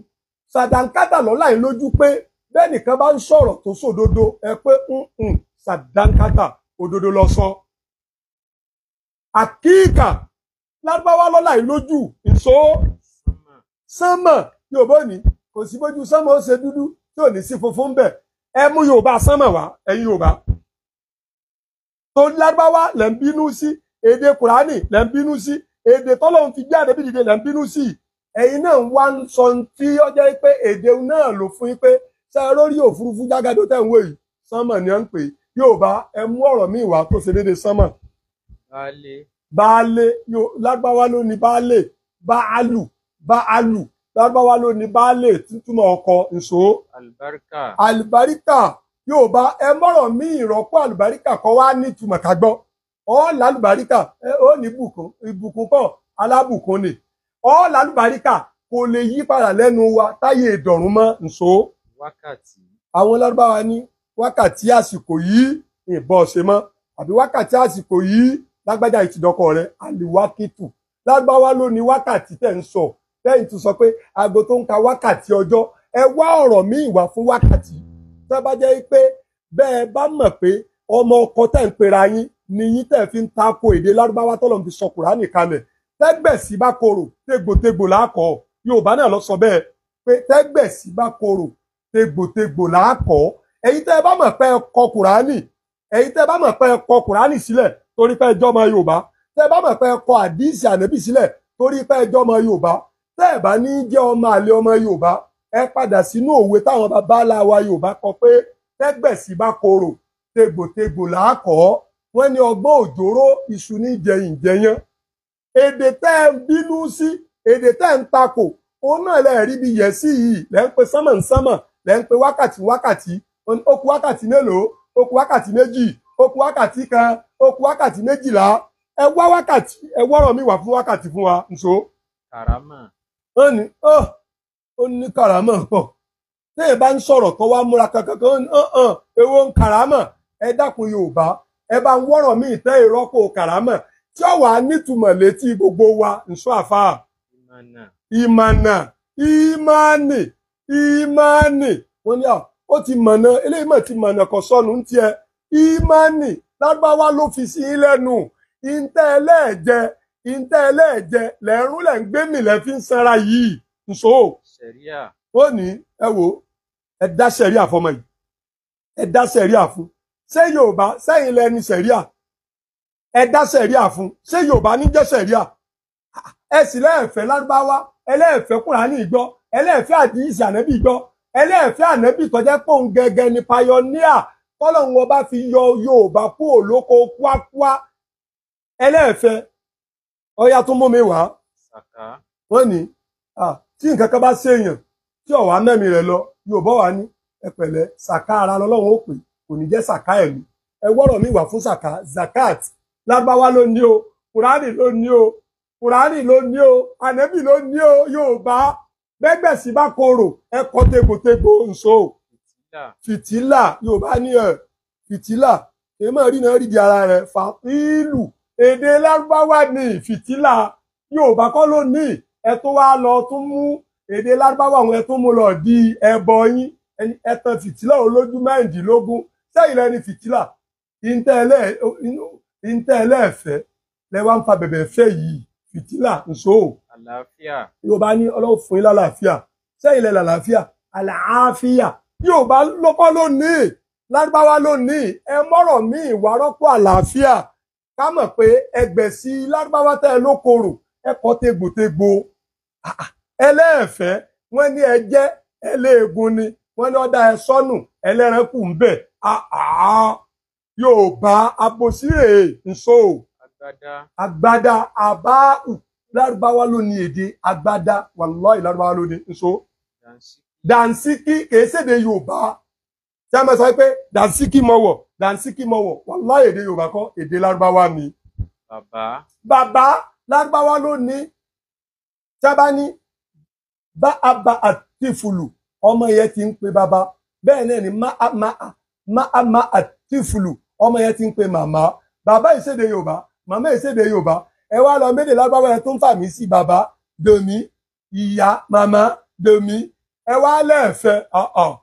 ṣàdánkátà lọ́la yìí lójú pé bẹ́ẹ̀ nìkan bá ń sọ̀rọ̀ tó sòdodo ẹ pé ń ṣàdánkátà òdodo lọ sọ. àkíkà lárúbáwá lọ́la yìí lójú ìṣó sánmọ̀ yorùbá ní kò sí bójú sánmọ̀ ó ṣe dúdú tí ò ní sí funfun bẹ̀ ẹ mú yorùbá sánmọ̀ wá ẹ̀yin yorùbá. tó lárúbáwá lẹ́ ń bínú sí èdè kùránì lẹ́ ń bínú sí èdè tọ́lọ́hún fi jáde bí dìde lẹ́ ń bínú sí yìí ẹ̀yin náà wá ń sọ tí ó jẹ́ pé èdè náà ló fún yín pé ṣe lórí òfurufú jágádó tẹ̀ ń wò yìí sánmọ̀ ni à ń pè Yorùbá ẹ mú ọ̀rọ̀ míì wá tó ṣe déédéé sánmọ̀. baálé baálé lágbáwá ló ní baálé báálù báálù lágbáwá ló ní baálé títúmọ̀ ọkọ nṣó. alibarika alibarika Yorùbá ẹ mọ̀rọ̀ míì rọ́pò alibarika kọ́ wá ní ìtumọ̀ ká ọ́ làlùbáríkà ó ní ìbùkún ìbùkún pọ̀ alábùkún ni ọ́ lálùbáríkà kò lè yí padà lẹ́nu wa táyé ìdọ̀rùn mọ́ nṣó. wákàtí. àwọn lárúbáwá ní wákàtí àsìkò yìí ìbọn ṣe mọ́ àbí wákàtí àsìkò yìí lágbájá ìtìdọ́kọ rẹ̀ àlìwákìtù lárúbáwá ló ní wákàtí tẹ̀ ń sọ lẹ́yìn tó sọ pé aago tó ń ka wákàtí ọjọ́ ẹ wá ọ̀rọ̀ míì wá fún wákàtí tó pé bẹ́ẹ̀ bá mọ̀ pé ọmọ ọkọ tẹ̀ ń pera yín ni yín fi ń tako èdè lárúbáwá tọ́lọ́ fi sọ Kùránì tẹ́gbẹ̀sí bá korò tégbòtégbò làákọ̀ yorùbá náà lọ sọ bẹ́ẹ̀ pé tẹ́gbẹ̀sí bá korò tégbòtégbò làákọ̀ èyí tẹ́ ẹ bá mọ̀ pé ẹ kọ kùránì èyí tẹ́ ẹ bá mọ̀ pé ẹ kọ kùránì sílẹ̀ torí pé ẹjọ́ ọmọ yorùbá tẹ́ ẹ bá mọ̀ pé ẹ kọ àdìsí ànábì sílẹ̀ torí pé ẹjọ́ ọmọ yorùbá tẹ́ bá ní jẹ́ ọmọ àlè ọmọ yorùbá ẹ padà sínú òwe táwọn bàbá aláwa yorùbá kọ pé tẹ́gbẹ̀sí bá korò tégbòtégbò làákọ̀ wọ́n ní ọgbọ́n òjòrò iṣu èdè tẹ́ ẹ bínú sí èdè tẹ́ ẹ ń takò òun náà lẹ pe sánmọ̀ ń lẹ pe wákàtí wákàtí oku wákàtí mélòó ó wákàtí méjì wákàtí kan oku wákàtí méjìlá ẹ wá wákàtí ẹ mi wà fún wákàtí fún wa nso. kàrámà. ó ní ó ó ní kàrámà pọ̀ téèyàn bá ń sọ̀rọ̀ kan wá múra kankan kan ó ní mi ìtẹ́ ìrọ́pò tí ó wà nítumọ̀ létí gbogbo wa nsọ àfa ìmànà ìmánì ìmánì wọn ni ó ti mọ̀nà eléyìí mọ̀ ti mọ̀nà kò sọnù ń tiẹ̀ ìmánì lágbáwá ló fi sí lẹ́nu ìǹtẹ́ ẹlẹ́ẹ̀jẹ ìǹtẹ́ ẹlẹ́ẹ̀jẹ lẹ́rún lẹ́ ń gbé mi lẹ́ fi ń sanra yìí nsọ ó ní ẹ wò ẹ dá sẹ̀ríà fọmọ yìí ẹ dá sẹ̀ríà fún ṣé Yorùbá sẹ́yìn lẹ́ni sẹ̀ríà ẹ dá sẹ̀ríà fún ṣé yorùbá ní jẹ́ sẹ̀ríà ẹ sì lẹ́ẹ̀fẹ́ lárúbáwá ẹlẹ́ẹ̀fẹ́ kúránì gbọ́ ẹlẹ́ẹ̀fẹ́ àdìsí ànábì gbọ́ ẹlẹ́ẹ̀fẹ́ ànábì tọ́jẹ́ pòun gẹ́gẹ́ ni pioneer tọ́lọ́run ọba fi yọ yorùbá kúrò lóko kwakwa ẹlẹ́ẹ̀fẹ́ ọya tó mú mi wá wọ́n ní tí nǹkan kan bá ṣèèyàn tí ọ̀wá mẹ́mi rẹ̀ lọ yorùbá wà ní ẹ̀pẹ̀lẹ́ sàká ara lọ́lọ́run ó pè kò ní jẹ́ sàká ẹ̀mí ẹ wọ́rọ̀ mi wà fún sàká zakat lágbáwá ló ní o kùránì ló ní o kùránì ló ní o ànẹ́bì ló ní o yorùbá bẹ́gbẹ̀sì bá korò ẹ̀kọ́ tegbòtegbò nso fìtílà yorùbá ní ẹ̀ fìtílà èyí máa rí náà rí di ara rẹ̀ fàtílù èdè lárúbáwá ní fìtílà yorùbá kọ́ ló ní ẹ tó wá lọ tún mú èdè lárúbáwá àwọn ẹ tó mú lọ di ẹbọ yín ẹ fìtílà olójú mẹ́rìndínlógún sẹ́yìn lẹ́ni fìtílà ìntẹ́lẹ̀ ìntẹ́ ẹlẹ́ẹ̀fẹ́ lẹ́wà ń fa bẹ̀bẹ̀ fẹ́ yìí fìtílà nṣó àlàáfíà yóò bá ní ọlọ́run fún yín lálàáfíà sẹ́yìn lẹ́ lálàáfíà àlàáfíà yóò bá lọ́kọ́ lónìí lárúbáwá lónìí ẹ mọ́rọ̀ míì wà rọ́pò àlàáfíà ká mọ̀ pé ẹgbẹ̀ sí lárúbáwá ẹ lókorò ẹ kọ́ tegbòtegbò ẹlẹ́ẹ̀fẹ́ wọ́n ní ẹ jẹ́ ẹlẹ́ẹ̀gùn ni wọ́n ní ọ̀dà ẹ sọ́nù ẹlẹ́ran ń bẹ̀ áá yorùbá àbòsílè nso agbada àbáù lárúbáwá ló ní èdè agbada wàlọ́ọ̀ì lárúbáwá ló ní nso dànsíkì kìí ṣèdè yorùbá tí a máa sọ pé dansiki mọ̀wọ̀ dansiki mọ̀wọ̀ wàlọ́ọ̀ì èdè yorùbá kọ́ èdè lárúbáwá mi. bàbá bàbá lárúbáwá ló ní tí a bá ní bá a bá àtìfùlù ọmọ yẹn ti ń pe bàbá bẹ́ẹ̀ náà ni má a má a má a ọmọ yẹn ti ń pe màmá bàbá ìṣèdè yorùbá màmá ìṣèdè yorùbá ẹ wá lọ méde lágbára ẹ tó ń fà mí sí bàbá domi ìyá màmá domi ẹ wá lẹ́ẹ̀fẹ́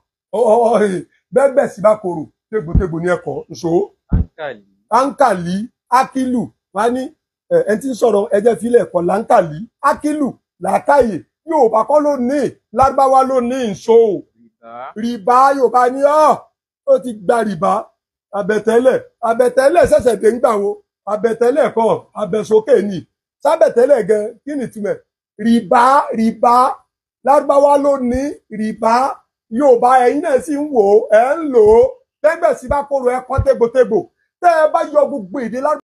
bẹ́ẹ̀ sì bá korò tégbòtégbò ní ẹ̀kọ́ nṣó ankali akilu wá ní ẹ ti ń sọ̀rọ̀ ẹjẹ́ filẹ̀ ẹ̀kọ́ lankali akilu làákàyè yorùbá kọ́ ló ní lárúbáwá ló ní nṣó rìbá yorùbá ní ọ́ ó ti gba rìbá abẹ̀tẹ́lẹ̀ abẹ̀tẹ́lẹ̀ ṣẹ̀ṣẹ̀ dé ń gbà wo abẹ̀tẹ́lẹ̀ kọ́ abẹ̀sókè ni sábẹ̀tẹ́lẹ̀ gan kí ni túmẹ̀ rìbá rìbá lárúbáwá ló ní rìbá yorùbá ẹ̀yin náà sì ń wò ó ẹ̀ ń lò ó tẹ́gbẹ̀sí bá kóró ẹ kọ́ tégbòtégbò tẹ́ ẹ bá yọ gbogbo ìdí lárúbáwá.